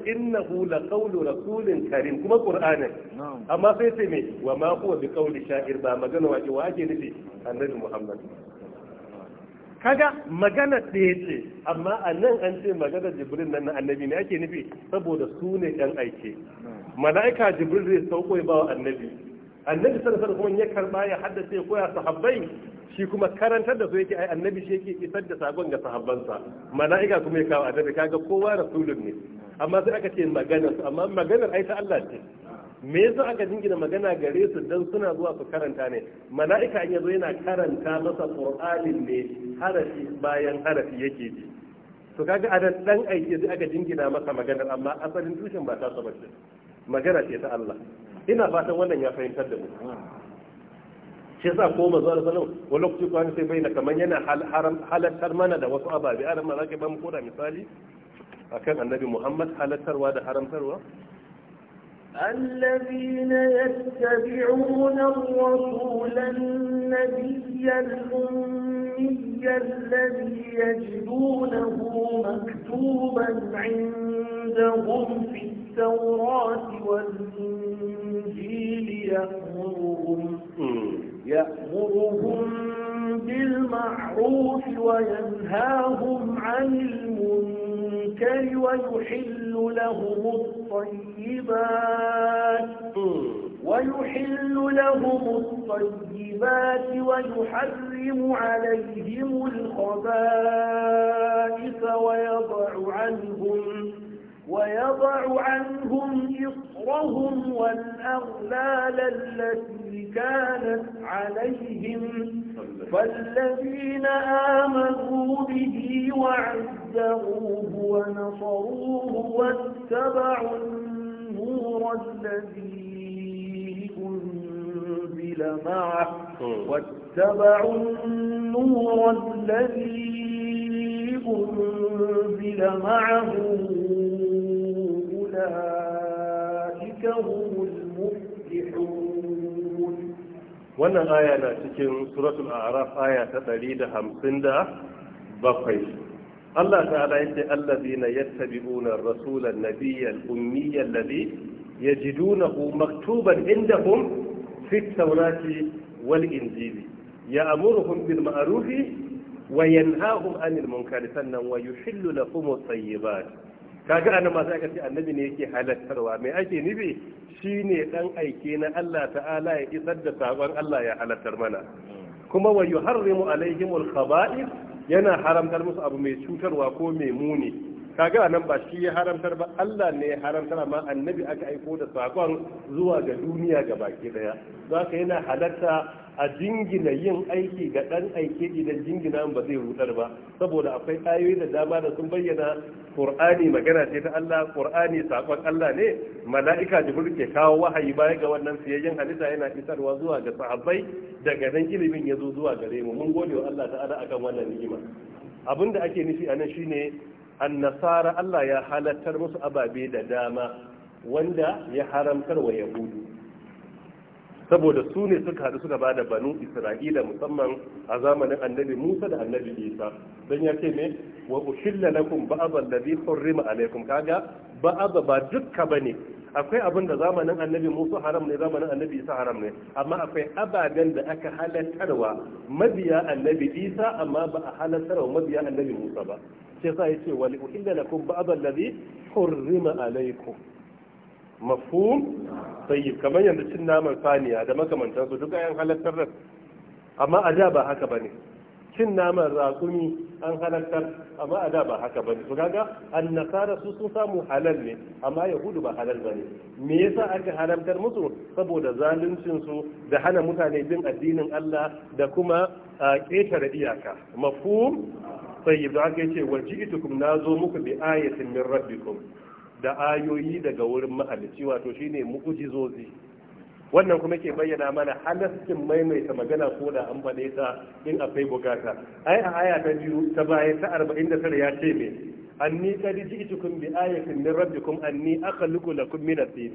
hu la qawlu rasulin karim kuma qur'anin amma sai sai me wa ma huwa bi qawli sha'ir ba magana ke. wa ake nufi annabi muhammad kaga magana ɗaya ce amma a nan an ce magana jibril nan na annabi ne ake nufi saboda su ne ɗan aike mala'ika jibril zai sauko ya wa annabi annabi sallallahu alaihi wasallam ya karba ya haddace koya sahabbai shi kuma karantar da su yake ai annabi shi yake isar da sagon ga sahabbansa mala'ika kuma ya kawo annabi kaga kowa rasulun ne amma sai aka ce maganar su amma maganar ai ta Allah ce me yasa aka jingina magana gare su dan suna zuwa su karanta ne mala'ika an yazo yana karanta masa qur'anin ne harafi bayan harafi yake ji to kaga a dan aiki sai aka jingina masa maganar amma asalin tushen ba ta saba ce magana ce ta Allah ina fatan wannan ya fahimtar da mu shi yasa ko manzo da sallallahu alaihi lokaci ko sai bai bayyana kaman yana halartar mana da wasu ababe ana ma zaka ba mu koda misali akan annabi Muhammad halartarwa da haramtarwa الذين يتبعون الرسول النبي الأمي الذي يجدونه مكتوبا عندهم في التوراة والإنجيل يأمرهم يأمرهم بالمعروف وينهاهم عن المنكر ويحل لهم الطيبات ويحل لهم الطيبات ويحرم عليهم الخبائث ويضع عنهم ويضع عنهم إصرهم والأغلال التي كانت عليهم فالذين آمنوا به وعزروه ونصروه واتبعوا النور الذي أنزل معه واتبعوا النور الذي أنزل معه wannan aya na cikin suratul a'raf aya ta 157 Allah ta'ala yace allazina yattabi'una ar-rasula an-nabiyya al-ummiyya alladhi yajidunahu maktuban indahum fi at-taurati wal-injili ya'muruhum bil ma'rufi wa yanhahum 'anil munkari sannan wa yuhillu lahum at-tayyibat kaga anan ma sai aka ce annabi ne yake halattarwa mai ake nufi shine dan aike na Allah ta'ala ya isar da sabon Allah ya halattar mana kuma wa yuharrimu alaihimul khaba'ith yana haramtar musu abu mai cutarwa ko mai muni kaga anan ba shi ya haramtar ba Allah ne ya haramtar amma annabi aka aiko da sakon zuwa ga duniya ga baki daya zaka yana halatta a jingina yin aiki ga ɗan aike idan jingina ba zai rudar ba saboda akwai ayoyi da dama da sun bayyana qur'ani magana ce ta Allah qur'ani sakon Allah ne mala'ika da ke kawo wahayi baya ga wannan siyayyen halitta yana isarwa zuwa ga sahabbai daga nan ilimin ya zo zuwa gare mu mun gode wa Allah ta'ala akan wannan ni'ima da ake nufi anan shine annasara Allah ya halattar musu ababe da dama wanda ya haramtar wa yahudu saboda su ne suka haɗu suka bada banu isra'ila musamman a zamanin annabi musa da annabi isa don ya ce ne wa ushilla lakum ba'aba allazi hurrima alaikum kaga ba'aba ba dukka bane akwai abin da zamanin annabi musa haram ne zamanin annabi isa haram ne amma akwai ababen da aka halartarwa mabiya annabi isa amma ba a halattarwa mabiya annabi musa ba sai sa ce wa ushilla lakum ba'aba allazi hurrima alaikum mafhum tayyib kamar yanda cin naman saniya da su duk ayan halattar da amma a da ba haka bane cin naman raƙumi an halattar amma a da ba haka bane to kaga annasara su sun samu halal ne amma yahudu ba halal bane me yasa aka halartar musu saboda zaluncin su da hana mutane bin addinin Allah da kuma ƙetare iyaka mafhum tayyib da aka yace waji'tukum nazo muku bi ayatin min rabbikum da ayoyi daga wurin mahalicci wato shine mu'jizozi wannan kuma ke bayyana mana halaskin maimaita magana ko da an faɗe ta in akwai bukata ai a aya ta biyu ta baya ta arba'in tara ya ce me anni qad ji'tukum bi ayatin min rabbikum anni akhluqu lakum min at-tin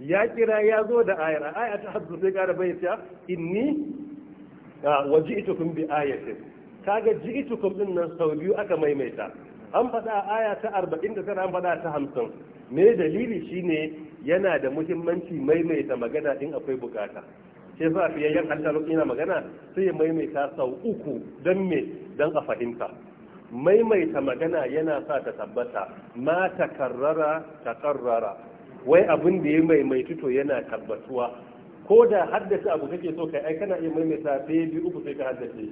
ya kira ya zo da ayar a aya ta hadu sai gara bayyana inni ah, wa ji'tukum bi ayatin kaga ji'tukum din nan sau biyu aka maimaita an faɗa a aya ta arba'in da tara an faɗa ta hamsin me dalili shine yana da muhimmanci maimaita magana in akwai bukata sai sa fiye yan halittar ina magana sai ya maimaita sau uku don me don a fahimta maimaita magana yana sa ta tabbata ma ta karrara ta karrara wai abin da ya maimaitu to yana tabbatuwa ko da haddace abu kake so kai ai kana iya maimaita sai biyu uku sai ka haddace shi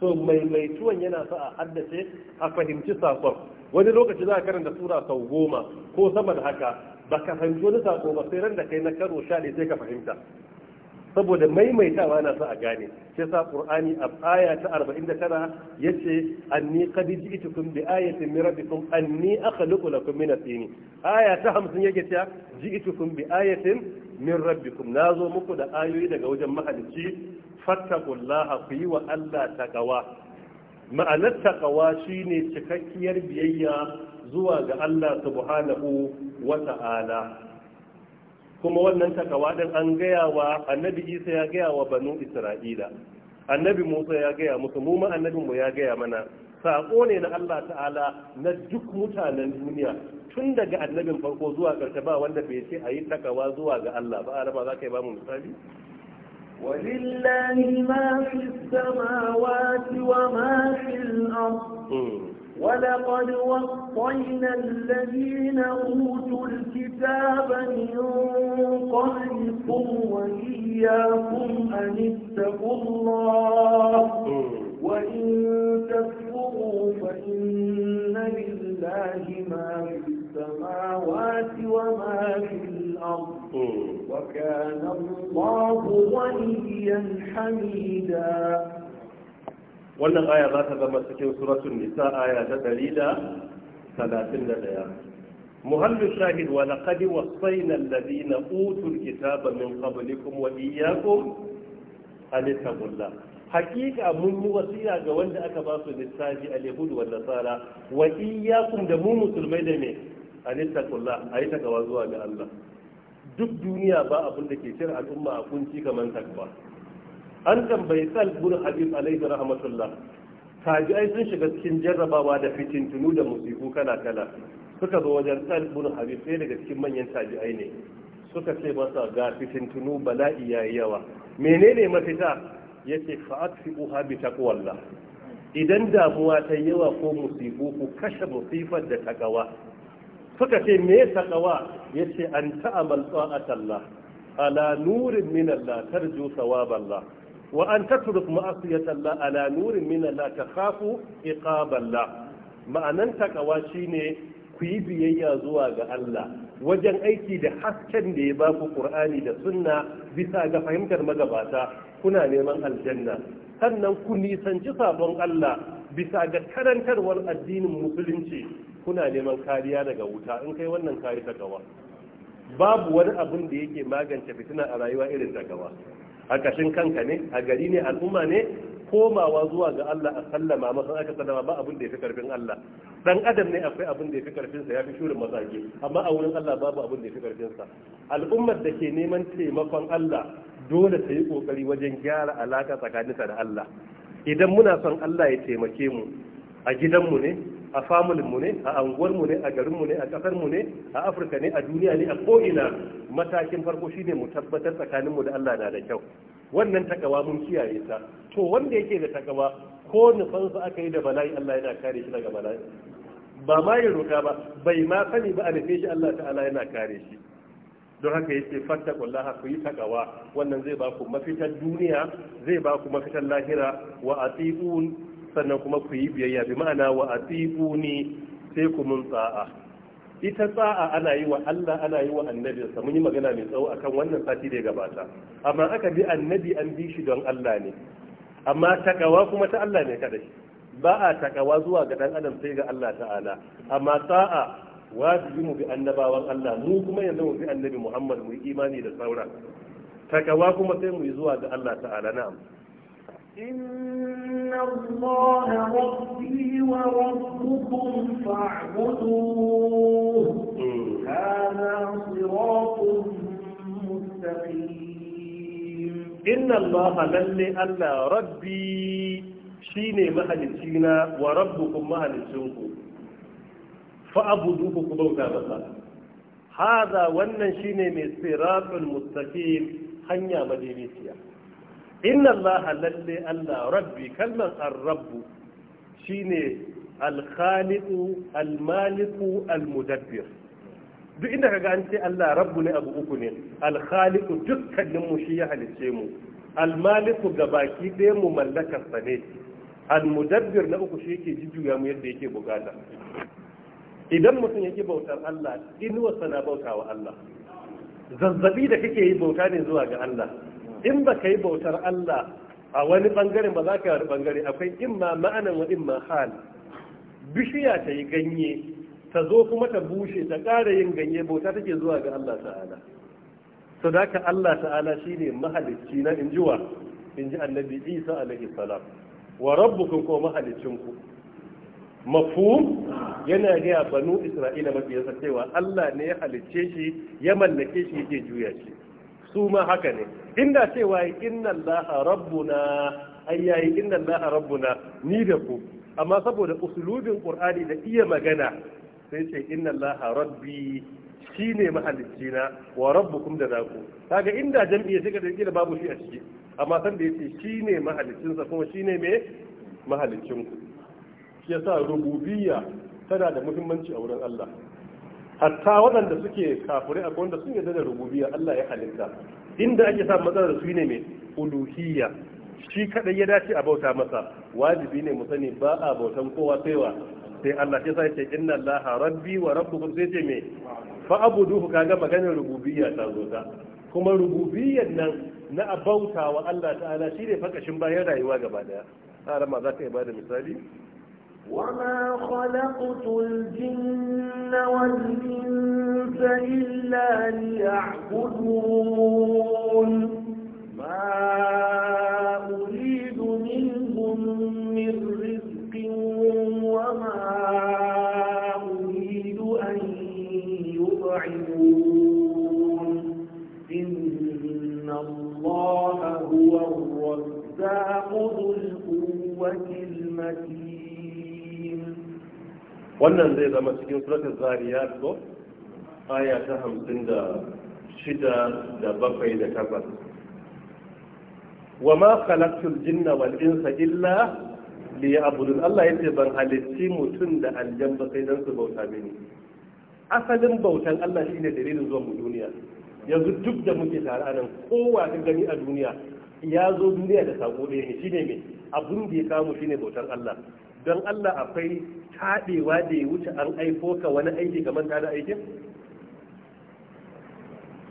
so maimaituwan yana sa a haddace a fahimci sakon wani lokaci za a karanta sura sau goma ko sama da haka ba ka fahimci wani sako ba sai ran da kai na karo sha ne sai ka fahimta saboda maimaitawa na sa a gane sai sa qur'ani a aya ta 49 yace anni qad ji'tukum bi ayatin min rabbikum anni akhluqu lakum min at tini aya ta 50 yake cewa ji'tukum bi ayatin min rabbikum nazo muku da ayoyi daga wajen mahalicci fattaqullaha ku yi wa Allah taqwa ma'anar taqwa shine cikakkiyar biyayya zuwa ga Allah subhanahu wa ta'ala kuma wannan takawa din an gaya wa annabi isa ya gaya wa banu isra'ila annabi musa ya gaya musu mu annabin mu ya gaya mana saƙo ne na Allah ta'ala na duk mutanen duniya tun daga annabin farko zuwa karshe ba wanda bai ce a yi takawa zuwa ga Allah ba raba za ka yi ba mu misali ولله ما في السماوات وما في الأرض ولقد وصينا الذين أوتوا الكتاب من قبلكم وإياكم أن اتقوا الله وإن تكفروا فإن لله ما في السماوات وما في الأرض وكان الله غنيا حميدا wannan aya za ta zama cikin suratun nisa aya ta ɗari da talatin da ɗaya muhallu shahid wa laqad wasaina alladhina utul kitaba min qablikum wa iyyakum an hakika mun yi wasiya ga wanda aka ba su littafi al-yahud wa nasara wa iyyakum da mu musulmai da me an taqullah ayi takawa zuwa ga Allah duk duniya ba abin da ke cin al'umma a kunci kamar takwa an tambayi sal bin habib alaihi rahmatullah ji ai sun shiga cikin jarrabawa da fitintunu da musibu kala kala suka zo wajen sal bin habib sai daga cikin manyan tabi'ai ne suka ce masa ga fitintunu bala'i yayi yawa menene mafita yace fa atfiquha bi taqwallah idan damuwa ta yawa ko musibu ku kashe musifar da takawa suka ce me takawa yace an ta'amal ta'atallah ala nurin min Allah tarju sawaballah wa an tatruk ma'asiyat Allah a nurin min Allah kafu iqaballah ma'anan takawa shine ku yi biyayya zuwa ga Allah wajen aiki da hasken da ya baku ƙur'ani Qur'ani da Sunna bisa ga fahimtar magabata kuna neman aljanna sannan ku nisanci sabon Allah bisa ga karantarwar addinin musulunci kuna neman kariya daga wuta in kai wannan kayi ta gawa babu wani abin da yake magance fitina a rayuwa irin ta gawa a kashin kanka ne a gari ne al'umma ne komawa zuwa ga Allah a sallama masu aka sallama ba abin da ya fi karfin Allah dan adam ne akwai abin da ya fi karfin sa ya fi shurin masaje, amma a wurin Allah babu abin da ya fi karfin al'ummar da ke neman taimakon Allah dole ta yi kokari wajen gyara alaka tsakaninta da Allah idan muna son Allah ya taimake mu a gidanmu ne a familinmu ne a anguwarmu ne a garinmu ne a ƙasarmu ne a afirka ne a duniya ne a ko'ina matakin farko shine mu tabbatar tsakaninmu da allah na da kyau wannan takawa mun kiyaye ta to wanda yake da takawa ko nufansa aka yi da bala'i allah yana kare shi daga bala'i ba ma ya roka ba bai ma sani ba a nufe shi allah ta'ala yana kare shi don haka fatta kullaha ku yi takawa wannan zai ba ku mafitar duniya zai ba ku mafitar lahira wa atiun sannan kuma ku yi biyayya bi ma'ana wa atiquni sai ku mun tsa'a ita tsa'a ana yi wa Allah ana yi wa annabi sa mun yi magana mai tsawo akan wannan sati da ya gabata amma aka bi annabi an bi shi don Allah ne amma takawa kuma ta Allah ne kada shi. ba a takawa zuwa ga dan adam sai ga Allah ta'ala amma tsa'a wajibi mu bi annabawan Allah mu kuma yanzu mu bi annabi Muhammad mu yi imani da sauran. takawa kuma sai mu yi zuwa ga Allah ta'ala na'am إن الله ربي وربكم فاعبدوه هذا صراط مستقيم إن الله للي ألا ربي شيني مهلكينا وربكم مهلكينكم فأبدوه كبوتا مثلا هذا ونن شيني من صراط المستقيم هنيا مدينتيا inna Allah lalle Allah rabbi kalman ar-rabbu shine al almaliku al-maliku al-mudabbir duk inda kaga an ce Allah rabbu ne abu uku ne al-khaliqu dukkanin mu shi ya halicce mu al-maliku gabaki ɗaya mu mallakar sa ne al-mudabbir na uku shi yake jujjuya mu yadda yake bukata idan mutum yake bautar Allah sana bauta bautawa Allah zazzabi da kake yi bauta ne zuwa ga Allah in ba ka yi bautar Allah a wani bangaren ba za ka wani bangare akwai imma ma'anan wa imma hal bishiya ta yi ganye ta zo kuma ta bushe ta ƙara yin ganye bauta take zuwa ga Allah ta'ala so da ka Allah ta'ala shi ne mahalicci na in ji wa, in ji annabi Isa alaihi salam wa rabbukum ko mahalicinku mafhum yana gaya banu isra'ila mafi yasa cewa Allah ne ya halicce shi ya mallake shi yake juya shi su ma haka ne inda cewa inna allaha rabbuna ai yayi inna allaha rabbuna ni da ku amma saboda usulubin qur'ani da iya magana sai ce inna allaha rabbi shine mahalicci na wa rabbukum da ku. kaga inda jami'i sai ka da babu shi a ciki amma san da yace shine mahalicin kuma shine me mahalicin ku shi yasa rububiyya tana da muhimmanci a wurin Allah hatta waɗanda suke kafure a wanda sun yadda da rububiya, Allah ya halitta inda ake sa matsalar su ne mai uluhiyya shi kaɗai ya dace a bauta masa wajibi ne mu sani ba a bautan kowa sai wa sai Allah ya sai ce inna Allaha rabbi wa rabbukum sai ce mai fa abuduhu kaga maganar rububiyya ta zo ta kuma rububiyyan nan na abauta wa Allah ta'ala shi ne fakashin bayan rayuwa gaba daya har ma za ka yi ba da misali وما خلقت الجن والإنس إلا ليعبدون ما أريد منهم من رزق وما أريد أن يطعمون إن الله هو الرزاق wannan zai zama cikin suratun Zariya ko aya ta hamsin da shida da bakwai da takwas wa ma khalaqtul jinna wal insa illa liya'budun Allah yace ban halitti mutum da aljan ba sai dan su bauta mini asalin bautan Allah shine dalilin zuwa mu duniya yanzu duk da muke tare a nan kowa ka gani a duniya ya zo duniya da sako ne shine me abun da ya kamu shine bautan Allah don Allah akwai taɗewa da ya wuce an aiko ka wani aiki kamar ta da aikin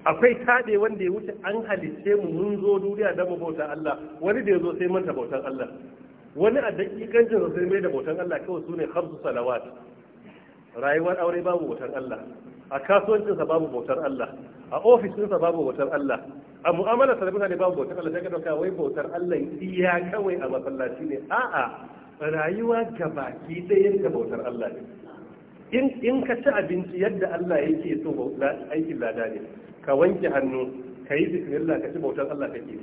akwai taɗe wanda ya wuce an halice mu mun zo duniya don mu bauta Allah wani da ya zo sai manta bautan Allah wani a dakikancin sai mai da bautan Allah kawai su ne hamsu salawat rayuwar aure babu bautan Allah a kasuwancinsa babu bautar Allah a ofishinsa babu bautar Allah a mu'amalarsa da mutane babu bautar Allah sai ka dauka wai bautar Allah iya kawai a masallaci ne a'a rayuwa gabaki ɗaya ta bautar Allah ne in ka ci abinci yadda Allah yake so aikin lada ne ka wanke hannu ka yi bismillah ka ci bautar Allah kake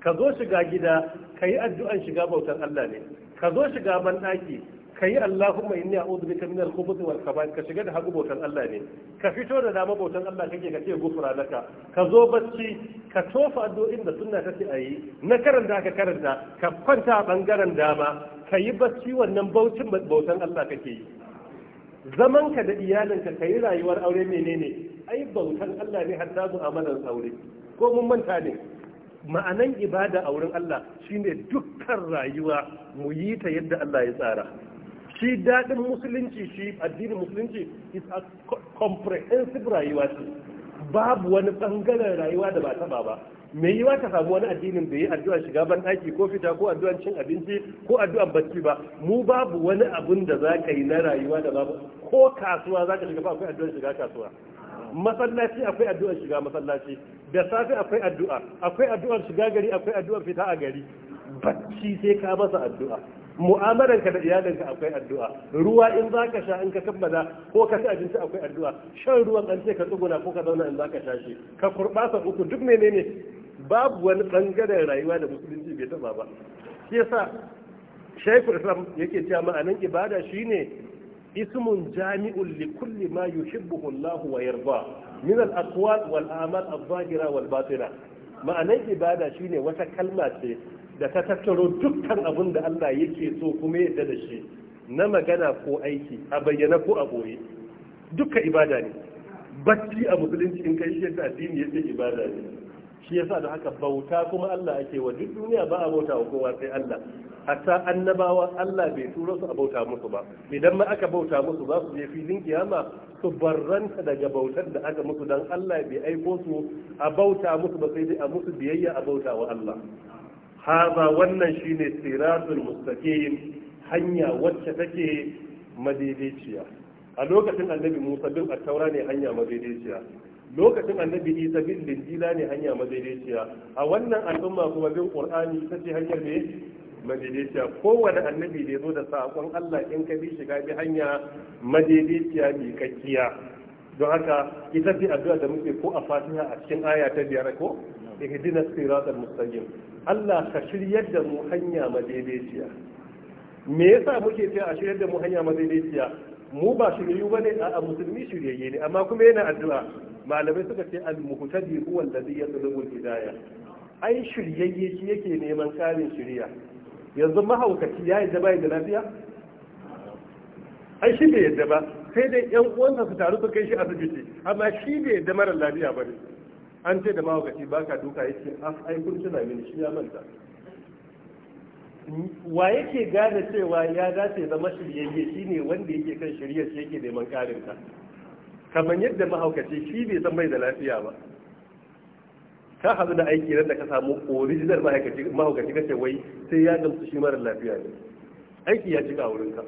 ka zo shiga gida ka yi addu'an shiga bautar Allah ne ka zo shiga banɗaki ka yi Allahumma inni a'udhu bika min al-khubuthi wal khaba'ith ka shiga da hagu bautar Allah ne ka fito da dama bautar Allah kake ka ce gufura laka ka zo bacci ka tofa addu'o'in da sunna ta ce a yi na karanta ka karanta ka kwanta a bangaren dama ka yi bacci wannan baucin bautan Allah kake yi zaman ka da iyalinka ka yi rayuwar aure menene ai bautan Allah ne har samu amalan aure ko mun manta ne ma'anan ibada a wurin Allah shine dukkan rayuwa mu yi ta yadda Allah ya tsara shi daɗin musulunci shi addinin musulunci is a comprehensive rayuwa babu wani bangaren rayuwa da ba taba ba mai yiwa ka samu wani addinin da yi addu'a shiga ban aiki ko fita ko addu'an cin abinci ko addu'an bacci ba mu babu wani abun da za ka yi na rayuwa da babu ko kasuwa za ka shiga ba akwai addu'an shiga kasuwa masallaci akwai addu'an shiga masallaci da safe akwai addu'a akwai addu'ar shiga gari akwai addu'ar fita a gari bacci sai ka masa addu'a ka da iyalinka akwai addu'a ruwa in za ka sha in ka tabbata ko ka ci abinci akwai addu'a shan ruwan an ce ka tsuguna ko ka zauna in za ka sha shi ka kurɓasa uku duk menene babu wani ɓangaren rayuwa da musulunci bai taɓa ba shi yasa shaikul islam yake cewa ma'anan ibada shine ismun jami'un li kulli ma yuhibbuhu Allah wa yarda min al-aqwal wal a'mal adh-dhahira wal batina ma'anan ibada shine wata kalma ce da ta tattaro dukkan abin da Allah yake so kuma yadda da shi na magana ko aiki a bayyana ko a boye dukkan ibada ne bacci a musulunci in kai shi addini yace ibada ne shi yasa da haka bauta kuma Allah ake wa duk duniya ba a bauta wa kowa sai Allah hatta annabawa Allah bai tura su a bauta musu ba idan ma aka bauta musu za su je filin kiyama su barranta daga bautar da aka musu dan Allah bai aiko su a bauta musu ba sai dai a musu biyayya a bauta wa Allah haza wannan shine siratul mustaqim hanya wacce take madaidaiciya a lokacin annabi musa bin attaura ne hanya madaidaiciya lokacin annabi isa bin linjila ne hanya madaidaiciya a wannan al'umma kuma bin qur'ani ita ce hanyar ne madaidaiciya kowane annabi da zo da saƙon allah in ka bi shiga bi hanya madaidaiciya mai kakkiya don haka ita ce addu'a da muke ko a fatiha a cikin aya ta biyar ko ihdina siratal mustaqim Allah ka shiryar da mu hanya madaidaiciya me yasa muke cewa a shiryar da mu hanya madaidaiciya mu ba shiryu bane a musulmi shiryayye ne amma kuma yana addu'a malamai suka ce al-muhtadi huwa alladhi yatlubu al-hidayah ai shiryayye shi yake neman karin shiriya yanzu mahaukaci ya yadda bai da lafiya ai shi bai yadda ba sai dai yan uwansa su taru su kai shi asibiti amma shi bai yadda mara lafiya ba ne an ce da mawakaci ba ka duka ya ce a ah, aikun tuna mini shi ya manta wa yake gane cewa ya dace zama shiryayye ne wanda yake kan shirya shi yake neman karin ka kamar yadda mahaukaci shi bai san bai da lafiya ba ka hazu da aiki da ka samu original mahaukaci kace wai sai ya gamsu shi mara lafiya ne aiki ya cika wurin ka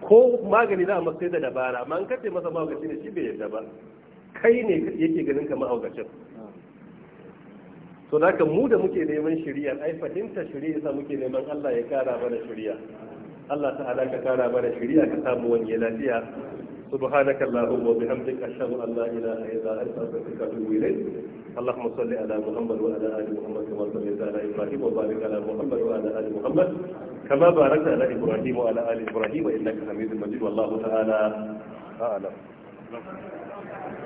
ko magani za a masai da dabara amma an kace masa mahaukaci ne shi bai yadda ba kai ne yake ganin ka ma'aukacin to da mu da muke neman shari'a ai fahimta shari'a sa muke neman Allah ya kara mana shari'a Allah ta ka kara mana shari'a ka samu wani lafiya سبحانك اللهم وبحمدك أشهد أن لا إله إلا أنت أستغفرك وأتوب اللهم صل على محمد وعلى آل محمد كما صليت على إبراهيم وبارك على محمد وعلى آل محمد كما باركت على إبراهيم وعلى آل إبراهيم إنك حميد مجيد والله تعالى أعلم